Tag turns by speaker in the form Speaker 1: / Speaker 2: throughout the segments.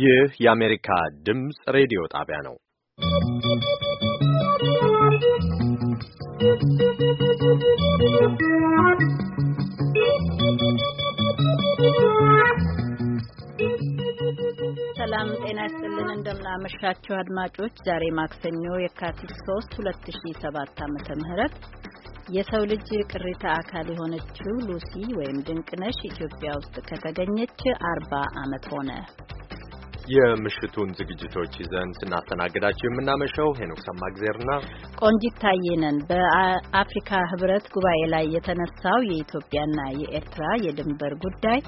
Speaker 1: ይህ የአሜሪካ ድምፅ ሬዲዮ ጣቢያ ነው።
Speaker 2: ሰላም ጤና ይስጥልን። እንደምናመሻችሁ አድማጮች ዛሬ ማክሰኞ የካቲት 3 2007 ዓ.ም የሰው ልጅ ቅሪተ አካል የሆነችው ሉሲ ወይም ድንቅነሽ ኢትዮጵያ ውስጥ ከተገኘች አርባ ዓመት ሆነ።
Speaker 1: የምሽቱን ዝግጅቶች ይዘን ስናስተናግዳቸው የምናመሸው ሄኖክ ሰማግዜርና
Speaker 2: ቆንጂት ታየነን። በአፍሪካ ህብረት ጉባኤ ላይ የተነሳው የኢትዮጵያና የኤርትራ የድንበር ጉዳይ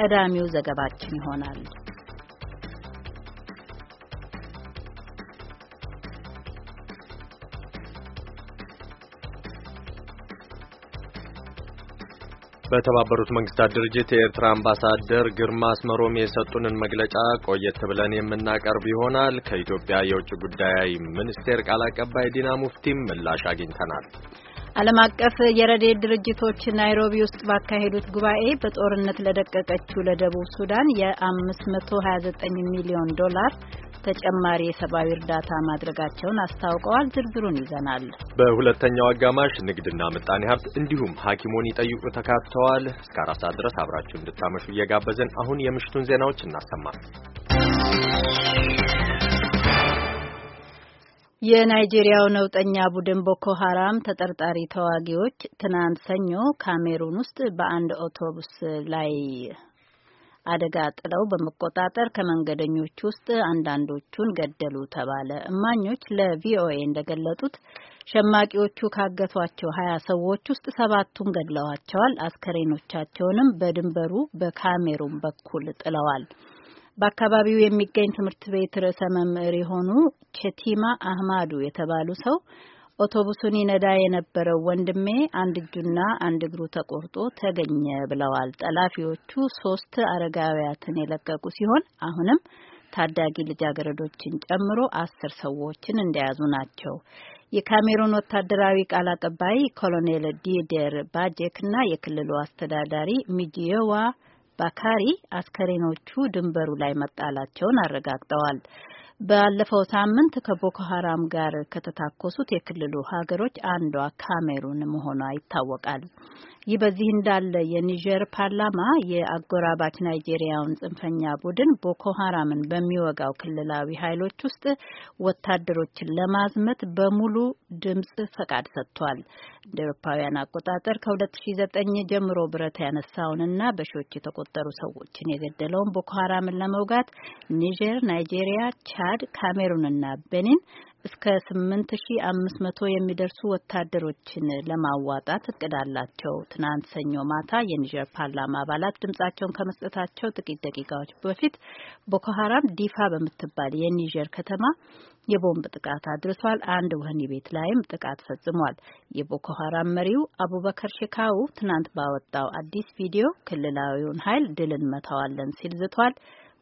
Speaker 2: ቀዳሚው ዘገባችን ይሆናል።
Speaker 1: በተባበሩት መንግስታት ድርጅት የኤርትራ አምባሳደር ግርማ አስመሮም የሰጡንን መግለጫ ቆየት ብለን የምናቀርብ ይሆናል። ከኢትዮጵያ የውጭ ጉዳይ ሚኒስቴር ቃል አቀባይ ዲና ሙፍቲም ምላሽ አግኝተናል።
Speaker 2: ዓለም አቀፍ የረድኤት ድርጅቶች ናይሮቢ ውስጥ ባካሄዱት ጉባኤ በጦርነት ለደቀቀችው ለደቡብ ሱዳን የ529 ሚሊዮን ዶላር ተጨማሪ የሰብአዊ እርዳታ ማድረጋቸውን አስታውቀዋል። ዝርዝሩን
Speaker 1: ይዘናል። በሁለተኛው አጋማሽ ንግድና ምጣኔ ሀብት እንዲሁም ሐኪሞን ይጠይቁ ተካተዋል። እስከ አራት ሰዓት ድረስ አብራችሁ እንድታመሹ እየጋበዘን አሁን የምሽቱን ዜናዎች እናሰማ።
Speaker 2: የናይጄሪያው ነውጠኛ ቡድን ቦኮ ሀራም ተጠርጣሪ ተዋጊዎች ትናንት ሰኞ ካሜሩን ውስጥ በአንድ አውቶቡስ ላይ አደጋ ጥለው በመቆጣጠር ከመንገደኞች ውስጥ አንዳንዶቹን ገደሉ ተባለ። እማኞች ለቪኦኤ እንደገለጡት ሸማቂዎቹ ካገቷቸው ሀያ ሰዎች ውስጥ ሰባቱን ገድለዋቸዋል። አስከሬኖቻቸውንም በድንበሩ በካሜሩን በኩል ጥለዋል። በአካባቢው የሚገኝ ትምህርት ቤት ርዕሰ መምህር የሆኑ ቼቲማ አህማዱ የተባሉ ሰው አውቶቡሱን ይነዳ የነበረው ወንድሜ አንድ እጁና አንድ እግሩ ተቆርጦ ተገኘ ብለዋል። ጠላፊዎቹ ሶስት አረጋውያትን የለቀቁ ሲሆን አሁንም ታዳጊ ልጃገረዶችን ጨምሮ አስር ሰዎችን እንደያዙ ናቸው። የካሜሩን ወታደራዊ ቃል አቀባይ ኮሎኔል ዲደር ባጄክ እና የክልሉ አስተዳዳሪ ሚጂዮዋ ባካሪ አስከሬኖቹ ድንበሩ ላይ መጣላቸውን አረጋግጠዋል። ባለፈው ሳምንት ከቦኮ ሀራም ጋር ከተታኮሱት የክልሉ ሀገሮች አንዷ ካሜሩን መሆኗ ይታወቃል። ይህ በዚህ እንዳለ የኒጀር ፓርላማ የአጎራባች ናይጄሪያውን ጽንፈኛ ቡድን ቦኮ ሀራምን በሚወጋው ክልላዊ ኃይሎች ውስጥ ወታደሮችን ለማዝመት በሙሉ ድምጽ ፈቃድ ሰጥቷል። እንደ ኤሮፓውያን አቆጣጠር ከ2009 ጀምሮ ብረት ያነሳውንና በሺዎች የተቆጠሩ ሰዎችን የገደለውን ቦኮ ሀራምን ለመውጋት ኒጀር፣ ናይጄሪያ፣ ቻ ቻድ፣ ካሜሩንና ቤኒን እስከ 8500 የሚደርሱ ወታደሮችን ለማዋጣት እቅድ አላቸው። ትናንት ሰኞ ማታ የኒጀር ፓርላማ አባላት ድምጻቸውን ከመስጠታቸው ጥቂት ደቂቃዎች በፊት ቦኮ ሀራም ዲፋ በምትባል የኒጀር ከተማ የቦምብ ጥቃት አድርሷል። አንድ ወህኒ ቤት ላይም ጥቃት ፈጽሟል። የቦኮ ሀራም መሪው አቡበከር ሽካው ትናንት ባወጣው አዲስ ቪዲዮ ክልላዊውን ኃይል ድል እንመታዋለን ሲል ዝቷል።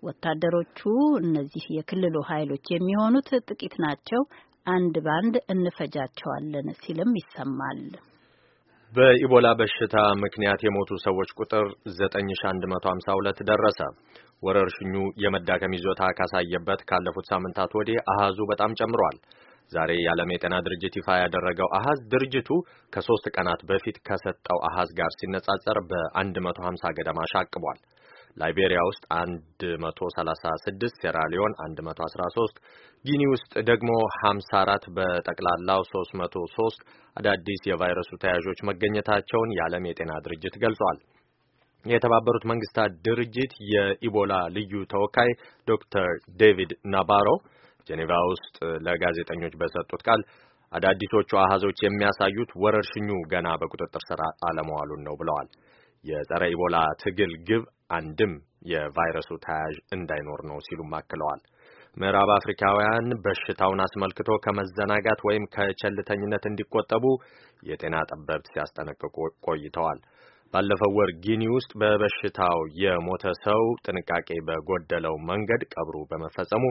Speaker 2: ወታደሮቹ እነዚህ የክልሉ ኃይሎች የሚሆኑት ጥቂት ናቸው፣ አንድ ባንድ እንፈጃቸዋለን ሲልም ይሰማል።
Speaker 1: በኢቦላ በሽታ ምክንያት የሞቱ ሰዎች ቁጥር 9152 ደረሰ። ወረርሽኙ የመዳከም ይዞታ ካሳየበት ካለፉት ሳምንታት ወዲህ አሃዙ በጣም ጨምሯል። ዛሬ የዓለም የጤና ድርጅት ይፋ ያደረገው አሃዝ ድርጅቱ ከሶስት ቀናት በፊት ከሰጠው አሃዝ ጋር ሲነጻጸር በ150 ገደማ ሻቅቧል። ላይቤሪያ ውስጥ 136፣ ሴራሊዮን 113፣ ጊኒ ውስጥ ደግሞ 54 በጠቅላላው 303 አዳዲስ የቫይረሱ ተያዦች መገኘታቸውን የዓለም የጤና ድርጅት ገልጿል። የተባበሩት መንግስታት ድርጅት የኢቦላ ልዩ ተወካይ ዶክተር ዴቪድ ናባሮ ጄኔቫ ውስጥ ለጋዜጠኞች በሰጡት ቃል አዳዲሶቹ አሃዞች የሚያሳዩት ወረርሽኙ ገና በቁጥጥር ስር አለመዋሉን ነው ብለዋል። የጸረ ኢቦላ ትግል ግብ አንድም የቫይረሱ ተያያዥ እንዳይኖር ነው ሲሉም አክለዋል። ምዕራብ አፍሪካውያን በሽታውን አስመልክቶ ከመዘናጋት ወይም ከቸልተኝነት እንዲቆጠቡ የጤና ጠበብት ሲያስጠነቅቁ ቆይተዋል። ባለፈው ወር ጊኒ ውስጥ በበሽታው የሞተ ሰው ጥንቃቄ በጎደለው መንገድ ቀብሩ በመፈጸሙ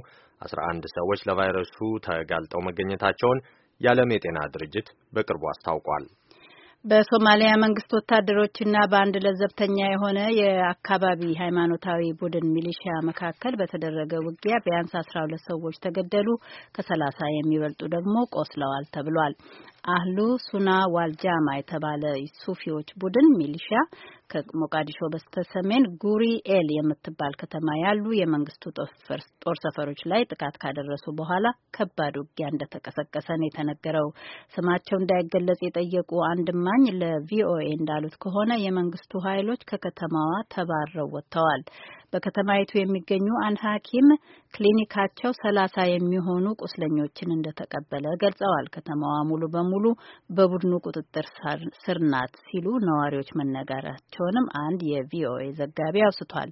Speaker 1: 11 ሰዎች ለቫይረሱ ተጋልጠው መገኘታቸውን የዓለም የጤና ድርጅት በቅርቡ አስታውቋል።
Speaker 2: በሶማሊያ መንግስት ወታደሮችና በአንድ ለዘብተኛ የሆነ የአካባቢ ሃይማኖታዊ ቡድን ሚሊሺያ መካከል በተደረገ ውጊያ ቢያንስ አስራ ሁለት ሰዎች ተገደሉ ከሰላሳ የሚበልጡ ደግሞ ቆስለዋል ተብሏል። አህሉ ሱና ዋልጃማ የተባለ ሱፊዎች ቡድን ሚሊሻ ከሞቃዲሾ በስተ ሰሜን ጉሪ ኤል የምትባል ከተማ ያሉ የመንግስቱ ጦር ሰፈሮች ላይ ጥቃት ካደረሱ በኋላ ከባድ ውጊያ እንደተቀሰቀሰ ነው የተነገረው። ስማቸው እንዳይገለጽ የጠየቁ አንድ እማኝ ለቪኦኤ እንዳሉት ከሆነ የመንግስቱ ኃይሎች ከከተማዋ ተባረው ወጥተዋል። በከተማይቱ የሚገኙ አንድ ሐኪም ክሊኒካቸው ሰላሳ የሚሆኑ ቁስለኞችን እንደተቀበለ ገልጸዋል። ከተማዋ ሙሉ በሙሉ በቡድኑ ቁጥጥር ስር ናት ሲሉ ነዋሪዎች መነገራቸውንም አንድ የቪኦኤ ዘጋቢ አውስቷል።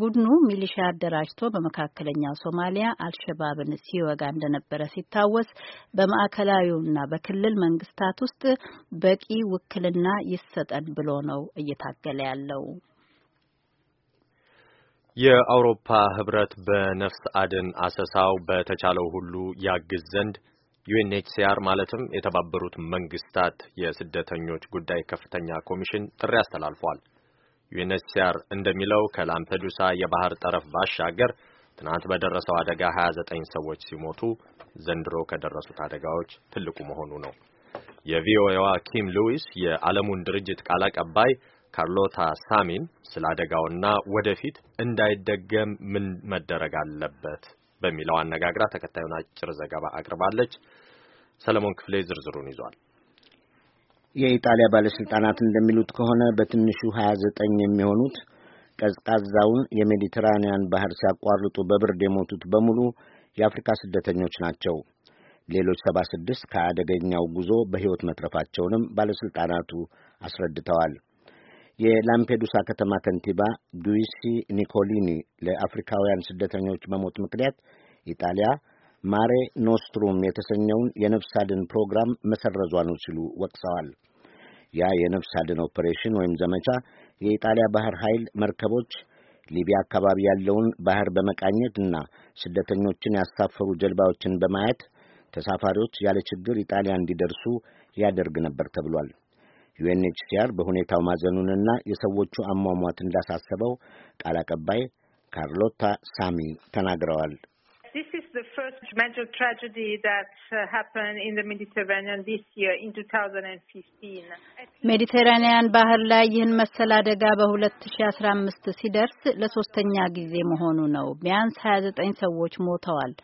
Speaker 2: ቡድኑ ሚሊሻ አደራጅቶ በመካከለኛው ሶማሊያ አልሸባብን ሲወጋ እንደነበረ ሲታወስ በማዕከላዊውና በክልል መንግስታት ውስጥ በቂ ውክልና ይሰጠን ብሎ ነው እየታገለ
Speaker 3: ያለው።
Speaker 1: የአውሮፓ ህብረት በነፍስ አድን አሰሳው በተቻለው ሁሉ ያግዝ ዘንድ ዩኤንኤችሲአር ማለትም የተባበሩት መንግስታት የስደተኞች ጉዳይ ከፍተኛ ኮሚሽን ጥሪ አስተላልፏል። ዩኤንኤችሲአር እንደሚለው ከላምፔዱሳ የባህር ጠረፍ ባሻገር ትናንት በደረሰው አደጋ 29 ሰዎች ሲሞቱ ዘንድሮ ከደረሱት አደጋዎች ትልቁ መሆኑ ነው። የቪኦኤዋ ኪም ሉዊስ የዓለሙን ድርጅት ቃል አቀባይ ካርሎታ ሳሚን ስለ አደጋውና ወደፊት እንዳይደገም ምን መደረግ አለበት በሚለው አነጋግራ ተከታዩን አጭር ዘገባ አቅርባለች። ሰለሞን ክፍሌ ዝርዝሩን ይዟል።
Speaker 4: የኢጣሊያ ባለስልጣናት እንደሚሉት ከሆነ በትንሹ 29 የሚሆኑት ቀዝቃዛውን የሜዲትራንያን ባህር ሲያቋርጡ በብርድ የሞቱት በሙሉ የአፍሪካ ስደተኞች ናቸው። ሌሎች 76 ከአደገኛው ጉዞ በሕይወት መትረፋቸውንም ባለስልጣናቱ አስረድተዋል። የላምፔዱሳ ከተማ ከንቲባ ዱዊሲ ኒኮሊኒ ለአፍሪካውያን ስደተኞች መሞት ምክንያት ኢጣሊያ ማሬ ኖስትሩም የተሰኘውን የነፍስ አድን ፕሮግራም መሰረዟ ነው ሲሉ ወቅሰዋል። ያ የነፍስ አድን ኦፕሬሽን ወይም ዘመቻ የኢጣሊያ ባህር ኃይል መርከቦች ሊቢያ አካባቢ ያለውን ባህር በመቃኘት እና ስደተኞችን ያሳፈሩ ጀልባዎችን በማየት ተሳፋሪዎች ያለ ችግር ኢጣሊያ እንዲደርሱ ያደርግ ነበር ተብሏል። ዩኤንኤችሲአር በሁኔታው ማዘኑንና የሰዎቹ አሟሟት እንዳሳሰበው ቃል አቀባይ ካርሎታ ሳሚ ተናግረዋል።
Speaker 5: uh,
Speaker 2: ሜዲቴራንያን ባህር ላይ ይህን መሰል አደጋ በ2015 ሲደርስ ለሶስተኛ ጊዜ መሆኑ ነው። ቢያንስ 29 ሰዎች ሞተዋል።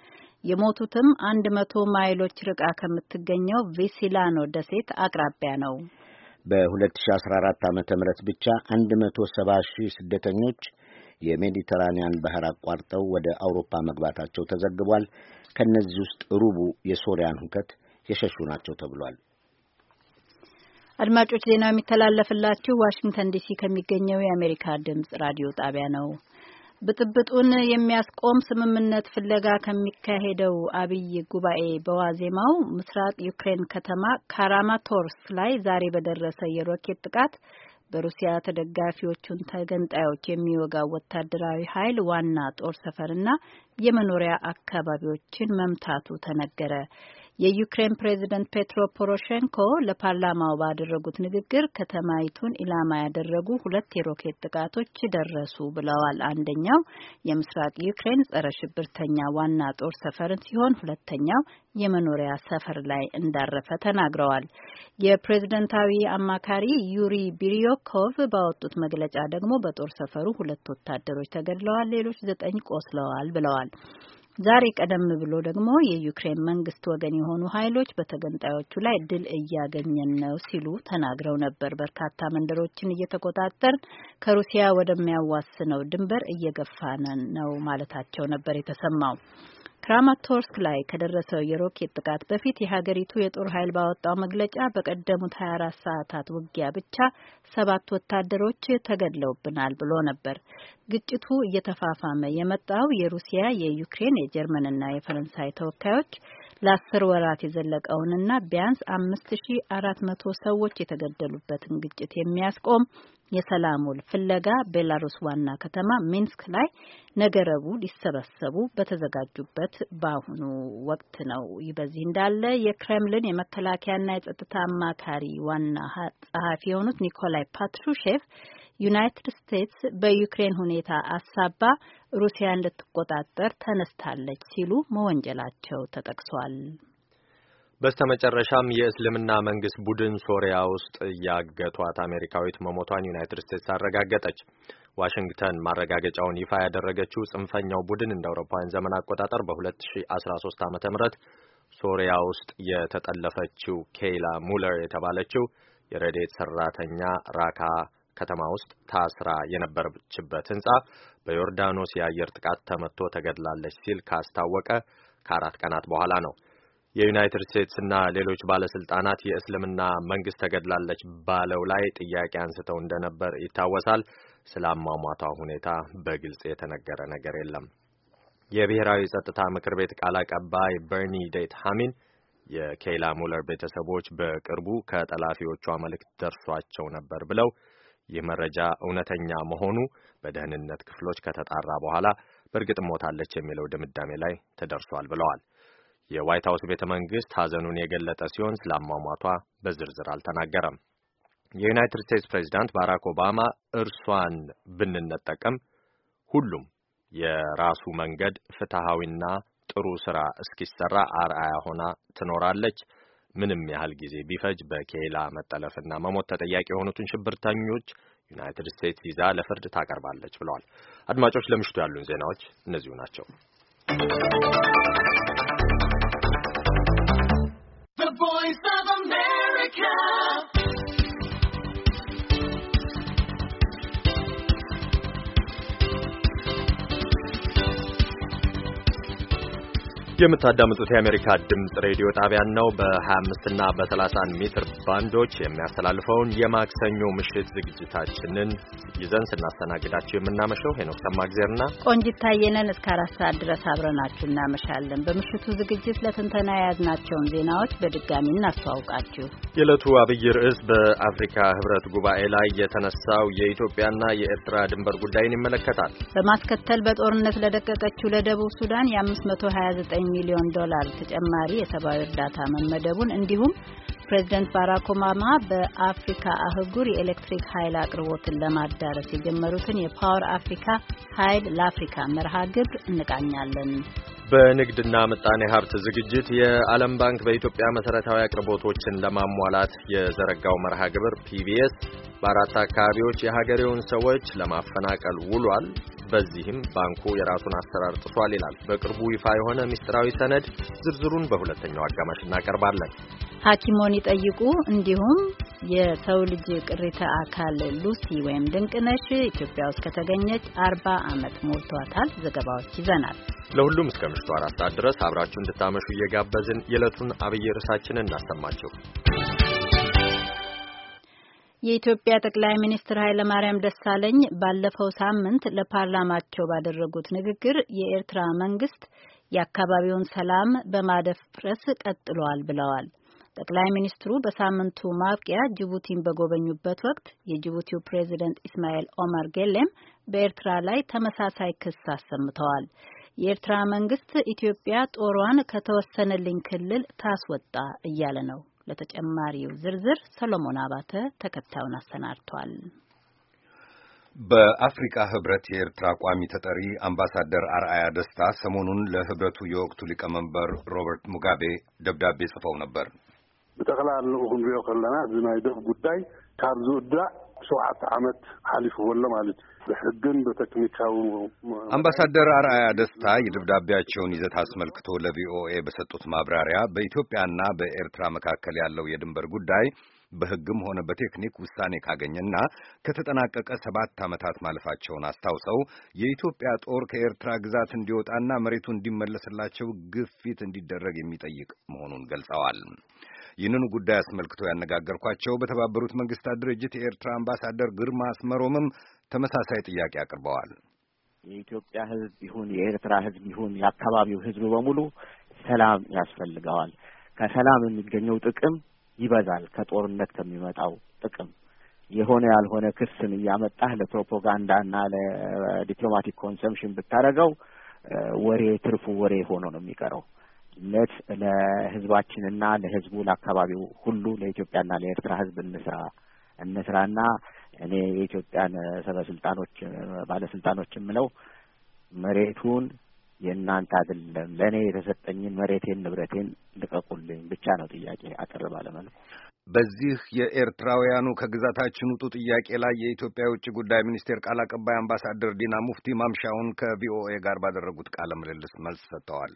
Speaker 2: የሞቱትም አንድ መቶ ማይሎች ርቃ ከምትገኘው ቪሲላኖ ደሴት አቅራቢያ ነው።
Speaker 4: በ2014 ዓ ም ብቻ 170 ሺህ ስደተኞች የሜዲተራንያን ባህር አቋርጠው ወደ አውሮፓ መግባታቸው ተዘግቧል። ከእነዚህ ውስጥ ሩቡ የሶሪያን ሁከት የሸሹ ናቸው ተብሏል።
Speaker 2: አድማጮች ዜናው የሚተላለፍላችሁ ዋሽንግተን ዲሲ ከሚገኘው የአሜሪካ ድምጽ ራዲዮ ጣቢያ ነው። ብጥብጡን የሚያስቆም ስምምነት ፍለጋ ከሚካሄደው አብይ ጉባኤ በዋዜማው ምስራቅ ዩክሬን ከተማ ካራማቶርስ ላይ ዛሬ በደረሰ የሮኬት ጥቃት በሩሲያ ተደጋፊዎቹን ተገንጣዮች የሚወጋው ወታደራዊ ኃይል ዋና ጦር ሰፈርና የመኖሪያ አካባቢዎችን መምታቱ ተነገረ። የዩክሬን ፕሬዝደንት ፔትሮ ፖሮሼንኮ ለፓርላማው ባደረጉት ንግግር ከተማይቱን ኢላማ ያደረጉ ሁለት የሮኬት ጥቃቶች ደረሱ ብለዋል። አንደኛው የምስራቅ ዩክሬን ጸረ ሽብርተኛ ዋና ጦር ሰፈርን ሲሆን ሁለተኛው የመኖሪያ ሰፈር ላይ እንዳረፈ ተናግረዋል። የፕሬዝደንታዊ አማካሪ ዩሪ ቢሪዮኮቭ ባወጡት መግለጫ ደግሞ በጦር ሰፈሩ ሁለት ወታደሮች ተገድለዋል፣ ሌሎች ዘጠኝ ቆስለዋል ብለዋል። ዛሬ ቀደም ብሎ ደግሞ የዩክሬን መንግስት ወገን የሆኑ ኃይሎች በተገንጣዮቹ ላይ ድል እያገኘን ነው ሲሉ ተናግረው ነበር። በርካታ መንደሮችን እየተቆጣጠርን ከሩሲያ ወደሚያዋስነው ድንበር እየገፋን ነው ማለታቸው ነበር የተሰማው። ክራማቶርስክ ላይ ከደረሰው የሮኬት ጥቃት በፊት የሀገሪቱ የጦር ኃይል ባወጣው መግለጫ በቀደሙት 24 ሰዓታት ውጊያ ብቻ ሰባት ወታደሮች ተገድለውብናል ብሎ ነበር። ግጭቱ እየተፋፋመ የመጣው የሩሲያ፣ የዩክሬን፣ የጀርመንና የፈረንሳይ ተወካዮች ለአስር ወራት የዘለቀውንና ቢያንስ አምስት ሺ አራት መቶ ሰዎች የተገደሉበትን ግጭት የሚያስቆም የሰላም ውል ፍለጋ ቤላሩስ ዋና ከተማ ሚንስክ ላይ ነገረቡ ሊሰበሰቡ በተዘጋጁበት በአሁኑ ወቅት ነው። ይህ በዚህ እንዳለ የክሬምሊን የመከላከያና የጸጥታ አማካሪ ዋና ጸሐፊ የሆኑት ኒኮላይ ፓትሩሼቭ ዩናይትድ ስቴትስ በዩክሬን ሁኔታ አሳባ ሩሲያን ልትቆጣጠር ተነስታለች ሲሉ መወንጀላቸው ተጠቅሷል።
Speaker 1: በስተመጨረሻም የእስልምና መንግስት ቡድን ሶሪያ ውስጥ ያገቷት አሜሪካዊት መሞቷን ዩናይትድ ስቴትስ አረጋገጠች። ዋሽንግተን ማረጋገጫውን ይፋ ያደረገችው ጽንፈኛው ቡድን እንደ አውሮፓውያን ዘመን አቆጣጠር በ2013 ዓ ም ሶሪያ ውስጥ የተጠለፈችው ኬይላ ሙለር የተባለችው የረዴት ሰራተኛ ራካ ከተማ ውስጥ ታስራ የነበረችበት ህንጻ በዮርዳኖስ የአየር ጥቃት ተመቶ ተገድላለች ሲል ካስታወቀ ከአራት ቀናት በኋላ ነው። የዩናይትድ ስቴትስና ሌሎች ባለስልጣናት የእስልምና መንግስት ተገድላለች ባለው ላይ ጥያቄ አንስተው እንደነበር ይታወሳል። ስለ አሟሟቷ ሁኔታ በግልጽ የተነገረ ነገር የለም። የብሔራዊ ጸጥታ ምክር ቤት ቃል አቀባይ በርኒ ዴት ሃሚን የኬይላ ሙለር ቤተሰቦች በቅርቡ ከጠላፊዎቿ መልእክት ደርሷቸው ነበር ብለው ይህ መረጃ እውነተኛ መሆኑ በደህንነት ክፍሎች ከተጣራ በኋላ በእርግጥ ሞታለች የሚለው ድምዳሜ ላይ ተደርሷል ብለዋል። የዋይት ሀውስ ቤተ መንግስት ሀዘኑን የገለጠ ሲሆን ስለ አሟሟቷ በዝርዝር አልተናገረም። የዩናይትድ ስቴትስ ፕሬዚዳንት ባራክ ኦባማ እርሷን ብንነጠቅም ሁሉም የራሱ መንገድ ፍትሐዊና ጥሩ ስራ እስኪሰራ አርአያ ሆና ትኖራለች ምንም ያህል ጊዜ ቢፈጅ በኬላ መጠለፍና መሞት ተጠያቂ የሆኑትን ሽብርተኞች ዩናይትድ ስቴትስ ይዛ ለፍርድ ታቀርባለች ብለዋል። አድማጮች፣ ለምሽቱ ያሉን ዜናዎች እነዚሁ ናቸው። የምታዳምጡት የአሜሪካ ድምፅ ሬዲዮ ጣቢያን ነው። በ25 እና በ31 ሜትር ባንዶች የሚያስተላልፈውን የማክሰኞ ምሽት ዝግጅታችንን ይዘን ስናስተናግዳችሁ የምናመሸው ሄኖክ ሰማግዜርና
Speaker 2: ቆንጂት ታየነን እስከ አራት ሰዓት ድረስ አብረናችሁ እናመሻለን። በምሽቱ ዝግጅት ለትንተና የያዝናቸውን ዜናዎች በድጋሚ እናስተዋውቃችሁ።
Speaker 1: የዕለቱ አብይ ርዕስ በአፍሪካ ህብረት ጉባኤ ላይ የተነሳው የኢትዮጵያና የኤርትራ ድንበር ጉዳይን ይመለከታል።
Speaker 2: በማስከተል በጦርነት ለደቀቀችው ለደቡብ ሱዳን የ529 ሚሊዮን ዶላር ተጨማሪ የሰብአዊ እርዳታ መመደቡን እንዲሁም ፕሬዚደንት ባራክ ኦባማ በአፍሪካ አህጉር የኤሌክትሪክ ኃይል አቅርቦትን ለማዳረስ የጀመሩትን የፓወር አፍሪካ ኃይል ለአፍሪካ መርሃ ግብር እንቃኛለን።
Speaker 1: በንግድና ምጣኔ ሀብት ዝግጅት የዓለም ባንክ በኢትዮጵያ መሰረታዊ አቅርቦቶችን ለማሟላት የዘረጋው መርሃ ግብር ፒቢኤስ በአራት አካባቢዎች የሀገሬውን ሰዎች ለማፈናቀል ውሏል። በዚህም ባንኩ የራሱን አሰራር ጥሷል ይላል በቅርቡ ይፋ የሆነ ምስጢራዊ ሰነድ። ዝርዝሩን በሁለተኛው አጋማሽ እናቀርባለን።
Speaker 2: ሐኪሞን ይጠይቁ እንዲሁም የሰው ልጅ ቅሪተ አካል ሉሲ ወይም ድንቅነሽ ኢትዮጵያ ውስጥ ከተገኘች አርባ ዓመት ሞልቷታል። ዘገባዎች ይዘናል።
Speaker 1: ለሁሉም እስከ ምሽቱ አራት ሰዓት ድረስ አብራችሁ እንድታመሹ እየጋበዝን የዕለቱን አብይ ርዕሳችንን እናሰማችሁ።
Speaker 2: የኢትዮጵያ ጠቅላይ ሚኒስትር ኃይለማርያም ደሳለኝ ባለፈው ሳምንት ለፓርላማቸው ባደረጉት ንግግር የኤርትራ መንግስት የአካባቢውን ሰላም በማደፍረስ ቀጥሏል ብለዋል። ጠቅላይ ሚኒስትሩ በሳምንቱ ማብቂያ ጅቡቲን በጎበኙበት ወቅት የጅቡቲው ፕሬዚደንት ኢስማኤል ኦማር ጌሌም በኤርትራ ላይ ተመሳሳይ ክስ አሰምተዋል። የኤርትራ መንግስት ኢትዮጵያ ጦሯን ከተወሰነልኝ ክልል ታስወጣ እያለ ነው። ለተጨማሪው ዝርዝር ሰሎሞን አባተ ተከታዩን አሰናድቷል።
Speaker 6: በአፍሪካ ህብረት የኤርትራ ቋሚ ተጠሪ አምባሳደር አርአያ ደስታ ሰሞኑን ለህብረቱ የወቅቱ ሊቀመንበር ሮበርት ሙጋቤ ደብዳቤ ጽፈው ነበር። ብጠቕላላ
Speaker 7: ክንሪኦ ከለና እዚ ናይ ደብ ጉዳይ ካብ ዝውዳእ ሸውዓተ ዓመት ሓሊፍዎ ኣሎ ማለት እዩ ብሕግን ብቴክኒካዊ ኣምባሳደር
Speaker 6: ኣርኣያ ደስታ የደብዳቤያቸውን ይዘት አስመልክቶ ለቪኦኤ በሰጡት ማብራሪያ በኢትዮጵያና በኤርትራ መካከል ያለው የድንበር ጉዳይ በሕግም ሆነ በቴክኒክ ውሳኔ ካገኘና ከተጠናቀቀ ሰባት ዓመታት ማለፋቸውን አስታውሰው የኢትዮጵያ ጦር ከኤርትራ ግዛት እንዲወጣና መሬቱ እንዲመለስላቸው ግፊት እንዲደረግ የሚጠይቅ መሆኑን ገልጸዋል። ይህንኑ ጉዳይ አስመልክቶ ያነጋገርኳቸው በተባበሩት መንግስታት ድርጅት የኤርትራ አምባሳደር ግርማ አስመሮምም ተመሳሳይ ጥያቄ አቅርበዋል። የኢትዮጵያ ህዝብ ይሁን የኤርትራ ህዝብ ይሁን የአካባቢው
Speaker 8: ህዝብ በሙሉ ሰላም ያስፈልገዋል። ከሰላም የሚገኘው ጥቅም ይበዛል ከጦርነት ከሚመጣው ጥቅም። የሆነ ያልሆነ ክስን እያመጣህ ለፕሮፓጋንዳና ለዲፕሎማቲክ ኮንሰምሽን ብታደርገው ወሬ ትርፉ ወሬ ሆኖ ነው የሚቀረው። ለት ለህዝባችንና ለህዝቡ ለአካባቢው ሁሉ ለኢትዮጵያና ለኤርትራ ህዝብ እንስራ እንስራና እኔ የኢትዮጵያን ሰበስልጣኖች ባለስልጣኖች የምለው መሬቱን የእናንተ አይደለም፣ ለእኔ የተሰጠኝን መሬቴን ንብረቴን ልቀቁልኝ ብቻ ነው ጥያቄ አጠር ባለመልኩ።
Speaker 6: በዚህ የኤርትራውያኑ ከግዛታችን ውጡ ጥያቄ ላይ የኢትዮጵያ የውጭ ጉዳይ ሚኒስቴር ቃል አቀባይ አምባሳደር ዲና ሙፍቲ ማምሻውን ከቪኦኤ ጋር ባደረጉት ቃለ ምልልስ መልስ ሰጥተዋል።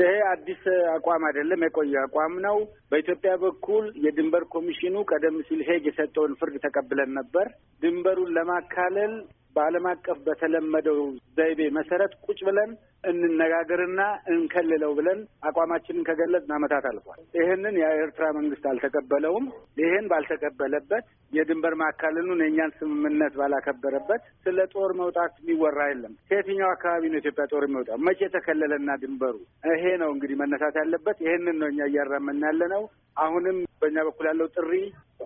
Speaker 9: ይሄ አዲስ አቋም አይደለም፣ የቆየ አቋም ነው። በኢትዮጵያ በኩል የድንበር ኮሚሽኑ ቀደም ሲል ሄግ የሰጠውን ፍርድ ተቀብለን ነበር። ድንበሩን ለማካለል በዓለም አቀፍ በተለመደው ዘይቤ መሰረት ቁጭ ብለን እንነጋገርና እንከልለው ብለን አቋማችንን ከገለጽን ዓመታት አልፏል። ይህንን የኤርትራ መንግስት አልተቀበለውም። ይህን ባልተቀበለበት የድንበር ማካለሉን የእኛን ስምምነት ባላከበረበት ስለ ጦር መውጣት የሚወራ የለም። ከየትኛው አካባቢ ነው ኢትዮጵያ ጦር የሚወጣው? መቼ የተከለለና ድንበሩ? ይሄ ነው እንግዲህ መነሳት ያለበት። ይህንን ነው እኛ እያራመን ያለ ነው። አሁንም በእኛ በኩል ያለው ጥሪ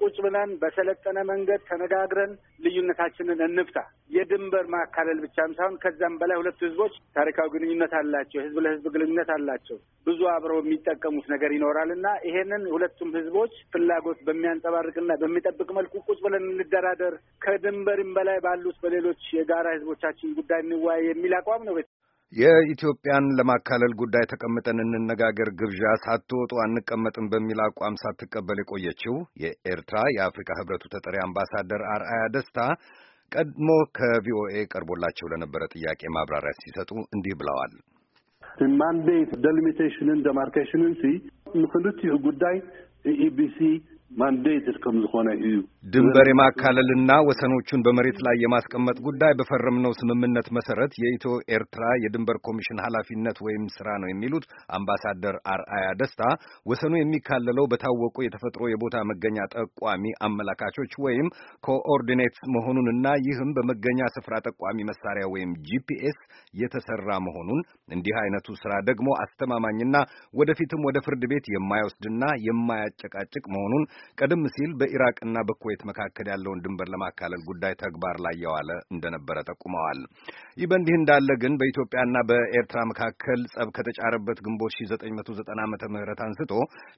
Speaker 9: ቁጭ ብለን በሰለጠነ መንገድ ተነጋግረን ልዩነታችንን እንፍታ። የድንበር ማካለል ብቻም ሳይሆን ከዛም በላይ ሁለቱ ህዝቦች ታሪካዊ ግንኙነት አላቸው። ህዝብ ለህዝብ ግንኙነት አላቸው። ብዙ አብረው የሚጠቀሙት ነገር ይኖራል እና ይሄንን ሁለቱም ህዝቦች ፍላጎት በሚያንጸባርቅና በሚጠብቅ መልኩ ቁጭ ብለን እንደራደር፣ ከድንበርም በላይ ባሉት በሌሎች የጋራ ህዝቦቻችን ጉዳይ እንወያይ የሚል አቋም ነው
Speaker 6: የኢትዮጵያን ለማካለል ጉዳይ ተቀምጠን እንነጋገር ግብዣ ሳትወጡ አንቀመጥም በሚል አቋም ሳትቀበል የቆየችው የኤርትራ የአፍሪካ ሕብረቱ ተጠሪ አምባሳደር አርአያ ደስታ ቀድሞ ከቪኦኤ ቀርቦላቸው ለነበረ ጥያቄ ማብራሪያ ሲሰጡ እንዲህ ብለዋል።
Speaker 7: ማንዴት ደሊሚቴሽንን ደማርኬሽንን ንክልቲኡ ጉዳይ ኢኢቢሲ ማንዴትድ ከም ዝኾነ እዩ
Speaker 6: ድንበር የማካለልና ወሰኖቹን በመሬት ላይ የማስቀመጥ ጉዳይ በፈረምነው ስምምነት መሰረት የኢትዮ ኤርትራ የድንበር ኮሚሽን ኃላፊነት ወይም ስራ ነው የሚሉት አምባሳደር አርአያ ደስታ ወሰኑ የሚካለለው በታወቁ የተፈጥሮ የቦታ መገኛ ጠቋሚ አመላካቾች ወይም ኮኦርዲኔትስ መሆኑንና ይህም በመገኛ ስፍራ ጠቋሚ መሳሪያ ወይም ጂፒኤስ የተሰራ መሆኑን እንዲህ አይነቱ ስራ ደግሞ አስተማማኝና ወደፊትም ወደ ፍርድ ቤት የማይወስድና የማያጨቃጭቅ መሆኑን ቀደም ሲል በኢራቅና በኩዌት መካከል ያለውን ድንበር ለማካለል ጉዳይ ተግባር ላይ የዋለ እንደነበረ ጠቁመዋል። ይህ በእንዲህ እንዳለ ግን በኢትዮጵያና በኤርትራ መካከል ጸብ ከተጫረበት ግንቦት 1990 ዓመተ ምህረት አንስቶ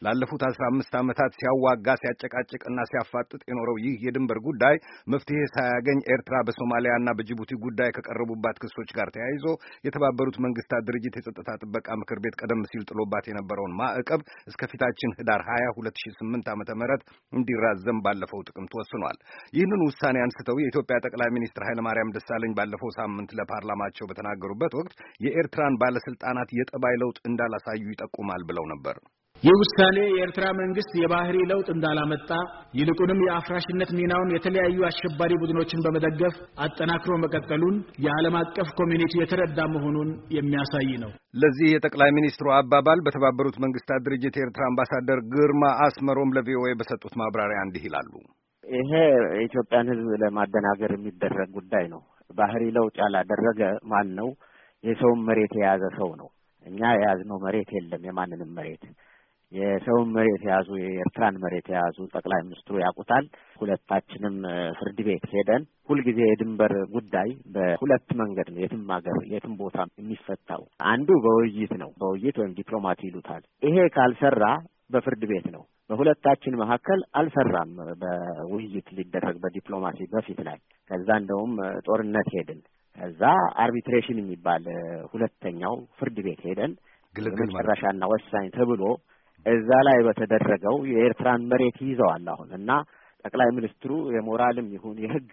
Speaker 6: ላለፉት 15 ዓመታት ሲያዋጋ ሲያጨቃጭቅና ሲያፋጥጥ የኖረው ይህ የድንበር ጉዳይ መፍትሄ ሳያገኝ ኤርትራ በሶማሊያና በጅቡቲ ጉዳይ ከቀረቡባት ክሶች ጋር ተያይዞ የተባበሩት መንግስታት ድርጅት የጸጥታ ጥበቃ ምክር ቤት ቀደም ሲል ጥሎባት የነበረውን ማዕቀብ እስከፊታችን ህዳር 20 2008 ዓ.ም መሰረት እንዲራዘም ባለፈው ጥቅምት ወስኗል። ይህንን ውሳኔ አንስተው የኢትዮጵያ ጠቅላይ ሚኒስትር ኃይለማርያም ደሳለኝ ባለፈው ሳምንት ለፓርላማቸው በተናገሩበት ወቅት የኤርትራን ባለስልጣናት የጠባይ ለውጥ እንዳላሳዩ ይጠቁማል ብለው ነበር። ይህ ውሳኔ የኤርትራ መንግስት የባህሪ ለውጥ
Speaker 9: እንዳላመጣ ይልቁንም የአፍራሽነት ሚናውን የተለያዩ አሸባሪ ቡድኖችን በመደገፍ አጠናክሮ መቀጠሉን የዓለም አቀፍ ኮሚኒቲ የተረዳ መሆኑን የሚያሳይ ነው።
Speaker 6: ለዚህ የጠቅላይ ሚኒስትሩ አባባል በተባበሩት መንግስታት ድርጅት የኤርትራ አምባሳደር ግርማ አስመሮም ለቪኦኤ በሰጡት ማብራሪያ እንዲህ ይላሉ።
Speaker 8: ይሄ የኢትዮጵያን ሕዝብ ለማደናገር የሚደረግ ጉዳይ ነው። ባህሪ ለውጥ ያላደረገ ማን ነው? የሰውን መሬት የያዘ ሰው ነው። እኛ የያዝነው መሬት የለም፣ የማንንም መሬት የሰውን መሬት የያዙ የኤርትራን መሬት የያዙ ጠቅላይ ሚኒስትሩ ያውቁታል። ሁለታችንም ፍርድ ቤት ሄደን ሁልጊዜ የድንበር ጉዳይ በሁለት መንገድ ነው የትም ሀገር የትም ቦታ የሚፈታው። አንዱ በውይይት ነው፣ በውይይት ወይም ዲፕሎማት ይሉታል። ይሄ ካልሰራ በፍርድ ቤት ነው። በሁለታችን መካከል አልሰራም። በውይይት ሊደረግ በዲፕሎማሲ በፊት ላይ ከዛ እንደውም ጦርነት ሄድን። ከዛ አርቢትሬሽን የሚባል ሁለተኛው ፍርድ ቤት ሄደን መጨረሻና ወሳኝ ተብሎ እዛ ላይ በተደረገው የኤርትራን መሬት ይዘዋል አሁን እና ጠቅላይ ሚኒስትሩ የሞራልም ይሁን የህግ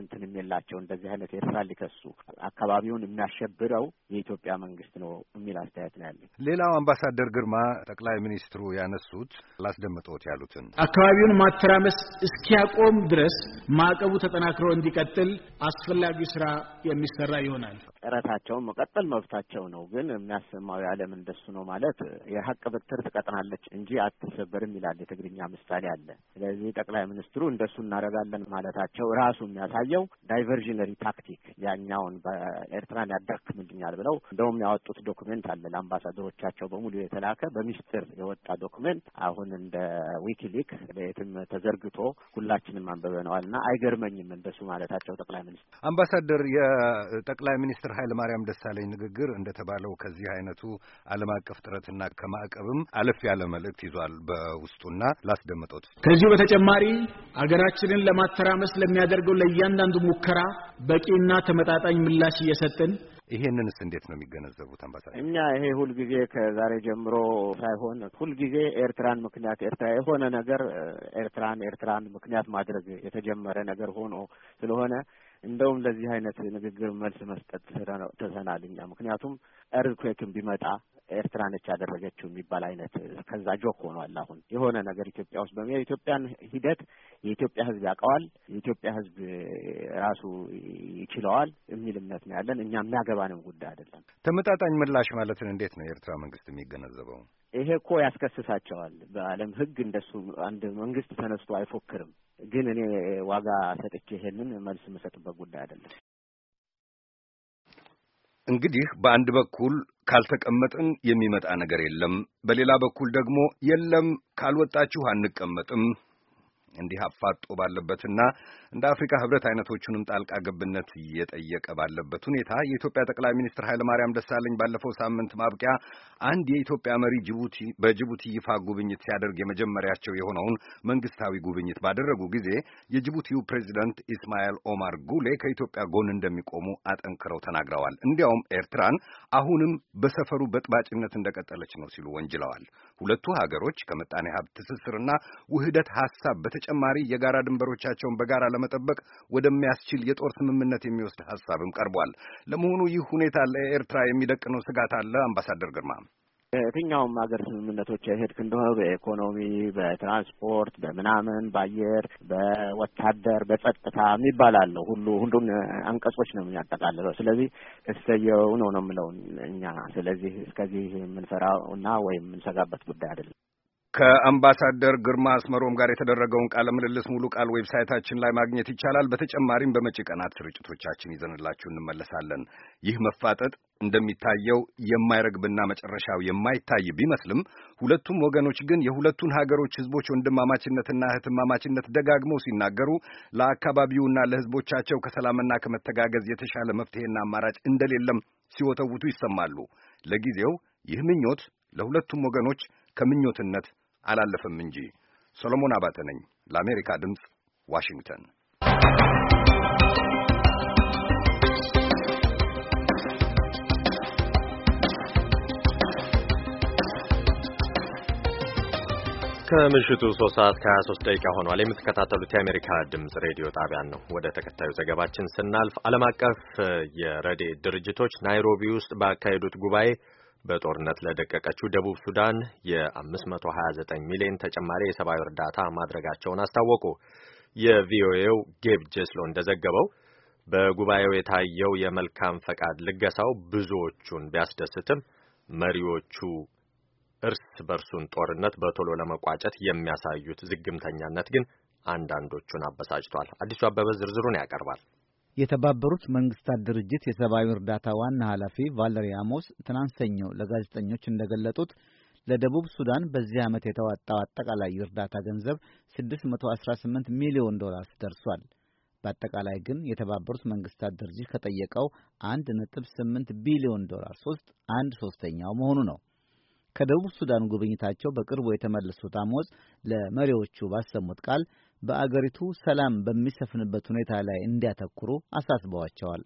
Speaker 8: እንትንም የላቸው እንደዚህ አይነት ኤርትራ ሊከሱ አካባቢውን የሚያሸብረው የኢትዮጵያ መንግስት ነው የሚል አስተያየት ነው
Speaker 6: ያለኝ። ሌላው አምባሳደር ግርማ ጠቅላይ ሚኒስትሩ ያነሱት ላስደምጦት ያሉትን
Speaker 9: አካባቢውን ማተራመስ እስኪያቆም ድረስ ማዕቀቡ ተጠናክሮ እንዲቀጥል አስፈላጊ ስራ የሚሰራ ይሆናል።
Speaker 8: ጥረታቸውን መቀጠል መብታቸው ነው። ግን የሚያሰማው የዓለም እንደሱ ነው ማለት የሀቅ ብትር ትቀጥናለች እንጂ አትሰበርም ይላል የትግርኛ ምሳሌ አለ። ስለዚህ ጠቅላይ ሚኒስ ሚኒስትሩ እንደሱ እናደርጋለን ማለታቸው ራሱ የሚያሳየው ዳይቨርዥነሪ ታክቲክ ያኛውን በኤርትራን ያዳክምልኛል ብለው እንደውም ያወጡት ዶክሜንት አለ ለአምባሳደሮቻቸው በሙሉ የተላከ በሚስጥር የወጣ ዶክሜንት አሁን እንደ ዊኪሊክ በየትም ተዘርግቶ ሁላችንም አንብበነዋል እና አይገርመኝም እንደሱ ማለታቸው ጠቅላይ ሚኒስትር
Speaker 6: አምባሳደር የጠቅላይ ሚኒስትር ኃይለ ማርያም ደሳለኝ ንግግር እንደተባለው ከዚህ አይነቱ ዓለም አቀፍ ጥረትና ከማዕቀብም አለፍ ያለ መልእክት ይዟል በውስጡና ላስደምጦት ከዚሁ
Speaker 9: በተጨማሪ አገራችንን ለማተራመስ ለሚያደርገው ለእያንዳንዱ ሙከራ
Speaker 6: በቂና ተመጣጣኝ ምላሽ እየሰጥን ይሄንንስ እንዴት ነው የሚገነዘቡት አምባሳደር?
Speaker 8: እኛ ይሄ ሁልጊዜ ከዛሬ ጀምሮ ሳይሆን ሁልጊዜ ኤርትራን ምክንያት ኤርትራ የሆነ ነገር ኤርትራን ኤርትራን ምክንያት ማድረግ የተጀመረ ነገር ሆኖ ስለሆነ እንደውም ለዚህ አይነት ንግግር መልስ መስጠት ተሰናል እኛ ምክንያቱም እርኩክም ቢመጣ ኤርትራ ነች ያደረገችው የሚባል አይነት ከዛ ጆክ ሆኗል። አሁን የሆነ ነገር ኢትዮጵያ ውስጥ በሚ የኢትዮጵያን ሂደት የኢትዮጵያ ሕዝብ ያውቀዋል፣ የኢትዮጵያ ሕዝብ ራሱ ይችለዋል የሚል እምነት ነው ያለን። እኛ የሚያገባንም ጉዳይ አይደለም።
Speaker 6: ተመጣጣኝ ምላሽ ማለትን እንዴት ነው የኤርትራ መንግስት የሚገነዘበው?
Speaker 8: ይሄ እኮ ያስከስሳቸዋል። በዓለም ሕግ እንደሱ አንድ መንግስት ተነስቶ አይፎክርም። ግን እኔ ዋጋ ሰጥቼ ይሄንን መልስ የምሰጥበት ጉዳይ አይደለም።
Speaker 6: እንግዲህ በአንድ በኩል ካልተቀመጥን የሚመጣ ነገር የለም፣ በሌላ በኩል ደግሞ የለም ካልወጣችሁ አንቀመጥም እንዲህ አፋጦ ባለበትና እንደ አፍሪካ ህብረት አይነቶቹንም ጣልቃ ገብነት እየጠየቀ ባለበት ሁኔታ የኢትዮጵያ ጠቅላይ ሚኒስትር ኃይለማርያም ደሳለኝ ባለፈው ሳምንት ማብቂያ አንድ የኢትዮጵያ መሪ ጅቡቲ በጅቡቲ ይፋ ጉብኝት ሲያደርግ የመጀመሪያቸው የሆነውን መንግስታዊ ጉብኝት ባደረጉ ጊዜ የጅቡቲው ፕሬዚደንት ኢስማኤል ኦማር ጉሌ ከኢትዮጵያ ጎን እንደሚቆሙ አጠንክረው ተናግረዋል። እንዲያውም ኤርትራን አሁንም በሰፈሩ በጥባጭነት እንደቀጠለች ነው ሲሉ ወንጅለዋል። ሁለቱ ሀገሮች ከምጣኔ ሀብት ትስስርና ውህደት ሀሳብ በተጨማሪ የጋራ ድንበሮቻቸውን በጋራ ለመጠበቅ ወደሚያስችል የጦር ስምምነት የሚወስድ ሀሳብም ቀርቧል። ለመሆኑ ይህ ሁኔታ ለኤርትራ የሚደቅነው ስጋት አለ? አምባሳደር ግርማ የትኛውም ሀገር ስምምነቶች የሄድክ እንደሆነ በኢኮኖሚ፣ በትራንስፖርት፣
Speaker 8: በምናምን፣ በአየር፣ በወታደር፣ በጸጥታ የሚባል አለው። ሁሉ ሁሉን አንቀጾች ነው የሚያጠቃልለው። ስለዚህ እሰየው ነው ነው የምለው እኛ። ስለዚህ እስከዚህ የምንፈራው እና ወይም የምንሰጋበት ጉዳይ አይደለም።
Speaker 6: ከአምባሳደር ግርማ አስመሮም ጋር የተደረገውን ቃለ ምልልስ ሙሉ ቃል ዌብሳይታችን ላይ ማግኘት ይቻላል። በተጨማሪም በመጪ ቀናት ስርጭቶቻችን ይዘንላችሁ እንመለሳለን። ይህ መፋጠጥ እንደሚታየው የማይረግብና መጨረሻው የማይታይ ቢመስልም ሁለቱም ወገኖች ግን የሁለቱን ሀገሮች ሕዝቦች ወንድማማችነትና እህትማማችነት ደጋግመው ሲናገሩ ለአካባቢውና ለሕዝቦቻቸው ከሰላምና ከመተጋገዝ የተሻለ መፍትሄና አማራጭ እንደሌለም ሲወተውቱ ይሰማሉ። ለጊዜው ይህ ምኞት ለሁለቱም ወገኖች ከምኞትነት አላለፈም እንጂ። ሰሎሞን አባተ ነኝ ለአሜሪካ ድምፅ ዋሽንግተን።
Speaker 1: ከምሽቱ 3 ሰዓት ከ23 ደቂቃ ሆኗል። የምትከታተሉት የአሜሪካ ድምፅ ሬዲዮ ጣቢያን ነው። ወደ ተከታዩ ዘገባችን ስናልፍ ዓለም አቀፍ የረድኤት ድርጅቶች ናይሮቢ ውስጥ ባካሄዱት ጉባኤ በጦርነት ለደቀቀችው ደቡብ ሱዳን የ529 ሚሊዮን ተጨማሪ የሰብአዊ እርዳታ ማድረጋቸውን አስታወቁ። የቪኦኤው ጌብ ጄስሎ እንደዘገበው በጉባኤው የታየው የመልካም ፈቃድ ልገሳው ብዙዎቹን ቢያስደስትም መሪዎቹ እርስ በርሱን ጦርነት በቶሎ ለመቋጨት የሚያሳዩት ዝግምተኛነት ግን አንዳንዶቹን አበሳጭቷል። አዲሱ አበበ ዝርዝሩን ያቀርባል።
Speaker 10: የተባበሩት መንግስታት ድርጅት የሰብአዊ እርዳታ ዋና ኃላፊ ቫለሪ አሞስ ትናንት ሰኞ ለጋዜጠኞች እንደገለጡት ለደቡብ ሱዳን በዚህ ዓመት የተዋጣው አጠቃላይ የእርዳታ ገንዘብ 618 ሚሊዮን ዶላር ደርሷል። በአጠቃላይ ግን የተባበሩት መንግስታት ድርጅት ከጠየቀው 1.8 ቢሊዮን ዶላር ውስጥ አንድ ሶስተኛው መሆኑ ነው። ከደቡብ ሱዳን ጉብኝታቸው በቅርቡ የተመለሱት አሞስ ለመሪዎቹ ባሰሙት ቃል በአገሪቱ ሰላም በሚሰፍንበት ሁኔታ ላይ እንዲያተኩሩ አሳስበዋቸዋል።